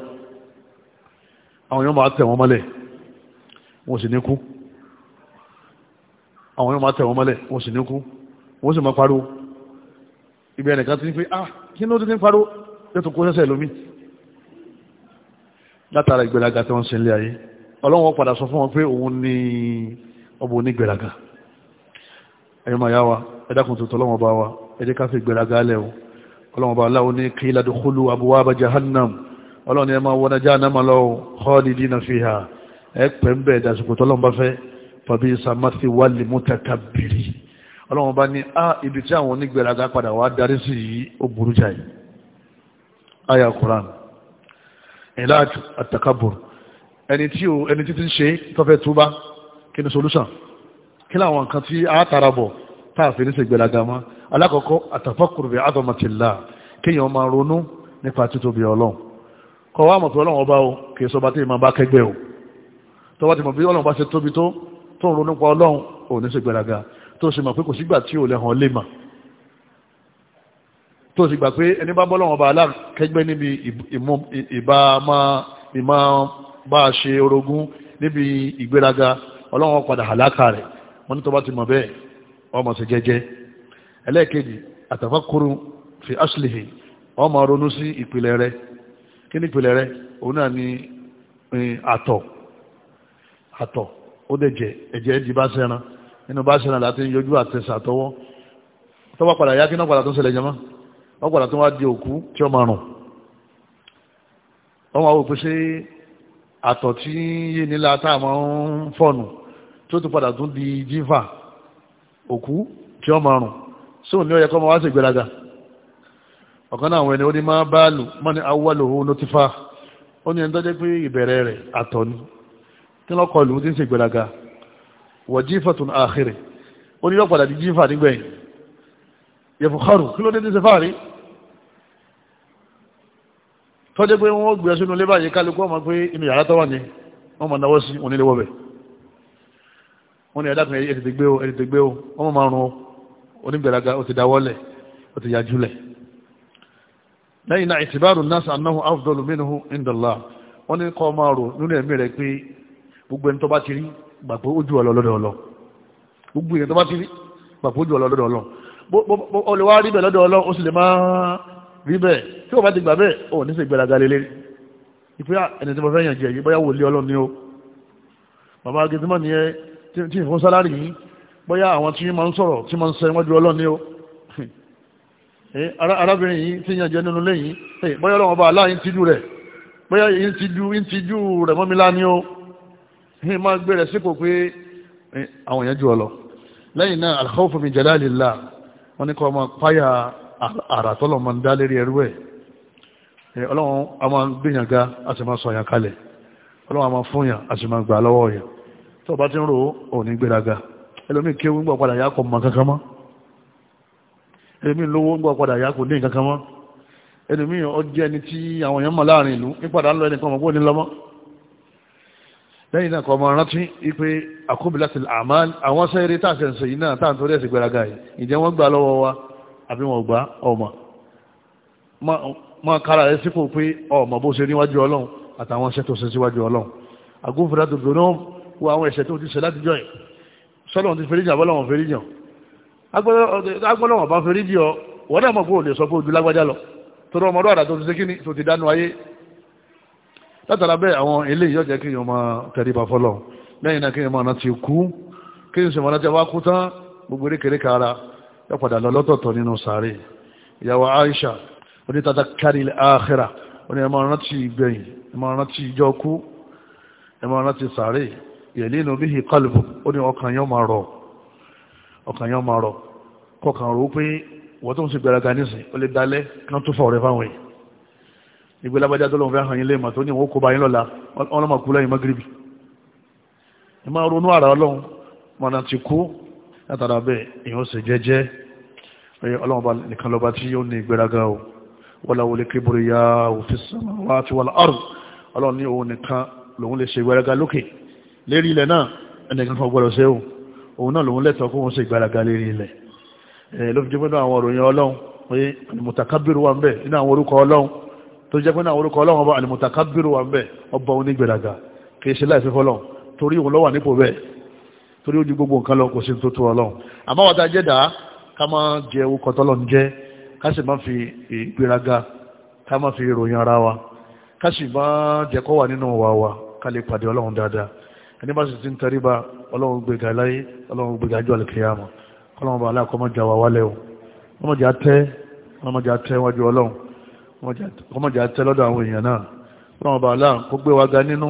àwọn yọmọ àtẹ̀wọ́n mọ́lẹ̀ wọn ò sì ní kú àwọn yóò máa tẹ̀ wọ́n mọ́lẹ̀ wọ́n sì ní kú wọ́n sì máa pariwo ibi ẹnìkan ti ní pé ah kí ló dé ní pariwo yóò tún kó sẹ́sẹ̀ lómi látara ìgbéraga tí wọ́n ṣe nílé ayé ọlọ́wọ́n padà sọ fún wọn pé òun ní ọbọ onígbéraga ẹ̀yọ́ máa yá wa ẹ̀dákun tuntun ọlọ́wọ́n bá wa ẹ̀dẹ́ ká fi ìgbéraga lẹ̀ o ọlọ́wọ́n bá aláwo ní kí ládùkúlù abwaba jahannam ọlọ́wọ́n fàbí samasi wàlì mútàkàbìrì ọlọ́run bá ní a ah, ibi tí àwọn onígbèraga padà wá darí sí yìí ó burú jáì àyà Qur'an ìlàj àtàkàbùr ẹni tí ó ẹni títí ń ṣe tọ́fẹ́ túbá kí ni solution kí láwọn nǹkan tí a tara bọ̀ táàfin ṣe gbèraga mọ́ alákọ̀ọ́kọ́ àtàfàkùrù bí kéèyàn máa ronú nípa títóbi ọlọ́run kọ́ wa mọ̀ pé ọlọ́run ọba o kì í sọ bá tí ì máa bá kẹgbẹ́ o tọ́wọ́ ti mọ̀ bí tó ń ronú pa ọlọ́run ò ní ṣe gbéraga tó sì mọ̀ pé kò sígbà tí ò lẹ́hàn lè mà tó sì gbà pé ẹni bá bọ́ lọ́wọ́ bá alákẹ́gbẹ́ níbi ìbá bá a ṣe orogún níbi ìgbéraga ọlọ́run padà hàlákà rẹ̀ wọ́n ní tó bá ti mọ̀ bẹ́ẹ̀ ọmọ sí jẹ́jẹ́ ẹlẹ́ẹ̀kejì àtàfàkùrù fi aslihi ọmọ ronú sí ìpìlẹ̀ rẹ̀ kí ni ìpìlẹ̀ rẹ̀ òun náà ni eh, àtọ̀ àtọ̀ ó dẹ̀ jẹ ẹ̀jẹ̀ di bá sẹ́ran nínú bá sẹ́ran láti ń yọjú àtẹ̀sà tọwọ́ tọ́wọ́ padà yá kí náà padà tó ṣẹlẹ̀ jẹmọ́ wọ́n padà tó wá di òkú tí ó máa rùn wọ́n máa wò pé ṣé àtọ̀ tí yé nílá tá a máa ń fọ̀nù tó tún padà tún di jífà òkú tí ó máa rùn sóun ní ó máa wá sí ìgbéraga ọ̀kan náà àwọn ẹni ó ní máa bá lù mọ́ ní awọ́lòhó notifa ó ní ẹni tó jẹ́ pé ìbẹ̀rẹ̀ rẹ̀ àtọ̀ ni kí lọ́ kọ ìlú tí ń ṣe gbèlàgà wọ̀ jífà tún àkèrè ó ní lọ́pàdà di jífà nígbẹ̀yìn yẹ̀fù kọrù kí ló dé tí ń ṣe fáàrí tọ́jẹ́ pé wọ́n gbé sínú ilé báyìí kálukú ọmọ pé inú yàrá tọ́wà ní wọ́n mọ̀ náwọ́ sí oníléwọ́bẹ̀ wọ́n ní ẹ̀dàkùn ẹ̀ tètè gbé ẹ̀ gbogbo ẹni tó bá ti rí gbàgbọ́ ojú ọlọ lọ́dọ̀ ọlọ gbogbo ẹni tó bá ti rí gbàgbọ́ ojú ọlọ lọ́dọ̀ ọlọ olùwà rí bẹ́ẹ̀ lọ́dọ̀ ọlọ ó sì lè máa rí bẹ́ẹ̀ tí o bá ti gbà bẹ́ẹ̀ ò ní sì gbẹ̀dàgà lélẹ̀ ìpé ẹni tí mo fẹ́ yàn yìí bóyá wò lé ọlọ́ni o bàbá agitimọ́ ni ẹ tí ìfún sálárì yìí bóyá àwọn tí máa ń sọ̀rọ̀ tí máa ń sẹ wọ́n ju ọlọ́ni o eh, arábìnrin yìí tí yàn jẹ nínú lẹ́yìn eh, bóyá ọlọ́wọ́n bá aláà ń tijú rẹ̀ bóyá ń tijú rẹ̀ mọ́mílá ni o ní ma gbé rẹ̀ sípò pé eh, àwọn èèyàn jù ọ lọ lẹ́yìn náà alkhawfu min jalalillah wọ́n ní kọ́ ọmọ páyà àrà tọ́lọ̀ ma ń dá lérí ẹrú ẹ̀ eh, ọlọ́run a máa ń gbìyàn ga a sì máa sọ̀yàn kalẹ̀ ọlọ́run a máa fúnyàn a sì máa gbà lọ́wọ́ yàn tó bá ti ń rò ó gbéraga ẹlòmí kéwú ń gbọ́ padà yá kò mọ kankan mọ́ ẹlòmí lówó ń gbọ́ padà yá kò ní kankan mọ́ ẹlòmí ọjẹ́ ẹni tí àwọn èèyàn mọ̀ láàrin ìlú nípadà lẹ́yìn náà kọmọ rántí ipé àkóbìláti àmàl àwọn sẹ́ẹ̀rẹ́ tàṣẹ̀ṣẹ̀ yìí náà tàà torí ẹ̀sì gbẹ̀rẹ̀gà yìí ìjẹ́ wọ́n gbà lọ́wọ́ wa àbí wọ́n gbà ọmọ ma kára rẹ̀ sípò pé ọmọ bó ṣe níwájú ọlọ́run àtàwọn ẹ̀ṣẹ̀ tó ṣe síwájú ọlọ́run agúnfẹ́dá dòdò náà wo àwọn ẹ̀ṣẹ̀ tó ti ṣe láti jọyìn sọ́lọ́run ti fẹ́ríjì àbọ́lọ́wọ̀n fẹ́ríjì agbọ́lọ́wọ̀n bá látara bẹ́ẹ̀ àwọn ilé yóò jẹ́ kí èèyàn máa tẹríba fọ́lọ̀ lẹ́yìn náà kí èèyàn máa ti kú kí n sì máa láti wá kú tán gbogbo erékeré kára yóò padà lọ lọ́tọ̀ọ̀tọ̀ nínú sàárè ìyàwó Aisha onítàtà kárí àkhírà oní ẹ̀ máa rántí ìgbẹ̀yìn ẹ̀ máa rántí ìjọ kú ẹ̀ máa rántí sàárè yẹ̀lí inú bíi kálùbù ó ní ọkàn yóò máa rọ̀ ọkàn yóò máa rọ̀ kọkàn rò ìgbé lágbájá tó lóun fẹ́ hàn yín lé mà tó ní òun kó ba yín lọ́la ọlọ́mọ kú lẹ́yìn magrebi ẹ máa ronú ara ọlọ́run mọ̀nà ti kú látara bẹ́ẹ̀ èèyàn sì jẹ́jẹ́ ọlọ́run bá nìkan lọ́ba tí yóò ní ìgbéraga o wọ́n láwọn olè kébùrú ya òfin sọ́mọ́ wá ti wà lọ́rùn ọlọ́run ní òun nìkan lòun lè ṣe ìgbéraga lókè lérí ilẹ̀ náà ẹnìkan kan gbọ́dọ̀ ṣe o òun náà lòun lẹ́tọ̀ọ́ kó wọ́n ṣe ìgbéraga lérí ilẹ̀ ẹ̀ ló fi náà àwọn òròyìn ọlọ́run pé mùtàkábìrì wà ń bẹ̀ nínú àwọn orúkọ ọlọ́run tó jẹ́ pé náà orúkọ ọlọ́run ọba àlùmọ̀tàkábírù wà ń bẹ̀ ọba onígbèrágà kì í ṣe láì fífọ́ lọ́n torí òun lọ́wà nípò bẹ́ẹ̀ torí ojú gbogbo nǹkan lọ kò sí tó tó ọlọ́run àmọ́ wọ́n ta jẹ́dá ká máa jẹ jẹ́ ká sì fi ìgbéraga ká fi ròyìn ara wa ká sì máa jẹ́ kó wà nínú wa wa ká lè pàdé ọlọ́run dáadáa ẹni bá sì ti ń tẹríba ọlọ́run gbéga kọmọjà tẹ́ lọ́dọ̀ àwọn èèyàn náà ọlọ́run bá aláà kó gbé wa ga nínú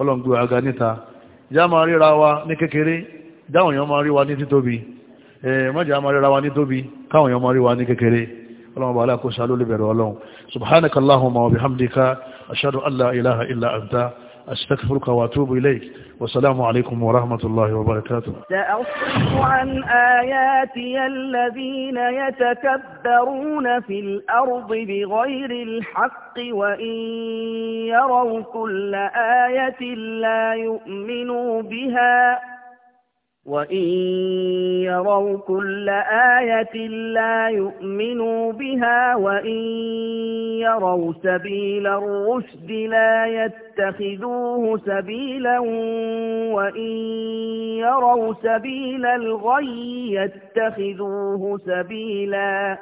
ọlọ́run gbé wa ga níta já máa ríra wa ní kékeré dáwọn èèyàn máa rí wa ní títóbi mọ́jà máa ríra wa ní tóbi káwọn èèyàn máa rí wa ní kékeré ọlọ́run bá aláà kó sálólè bẹ̀rẹ̀ ọlọ́run subhanakallahumma wa bihamdika ashhadu an ilaha illa anta أستغفرك وأتوب إليك والسلام عليكم ورحمة الله وبركاته سأصرف عن آياتي الذين يتكبرون في الأرض بغير الحق وإن يروا كل آية لا يؤمنوا بها وَإِن يَرَوْا كُلَّ آيَةٍ لَّا يُؤْمِنُوا بِهَا وَإِن يَرَوْا سَبِيلَ الرُّشْدِ لَا يَتَّخِذُوهُ سَبِيلًا وَإِن يَرَوْا سَبِيلَ الْغَيِّ يَتَّخِذُوهُ سَبِيلًا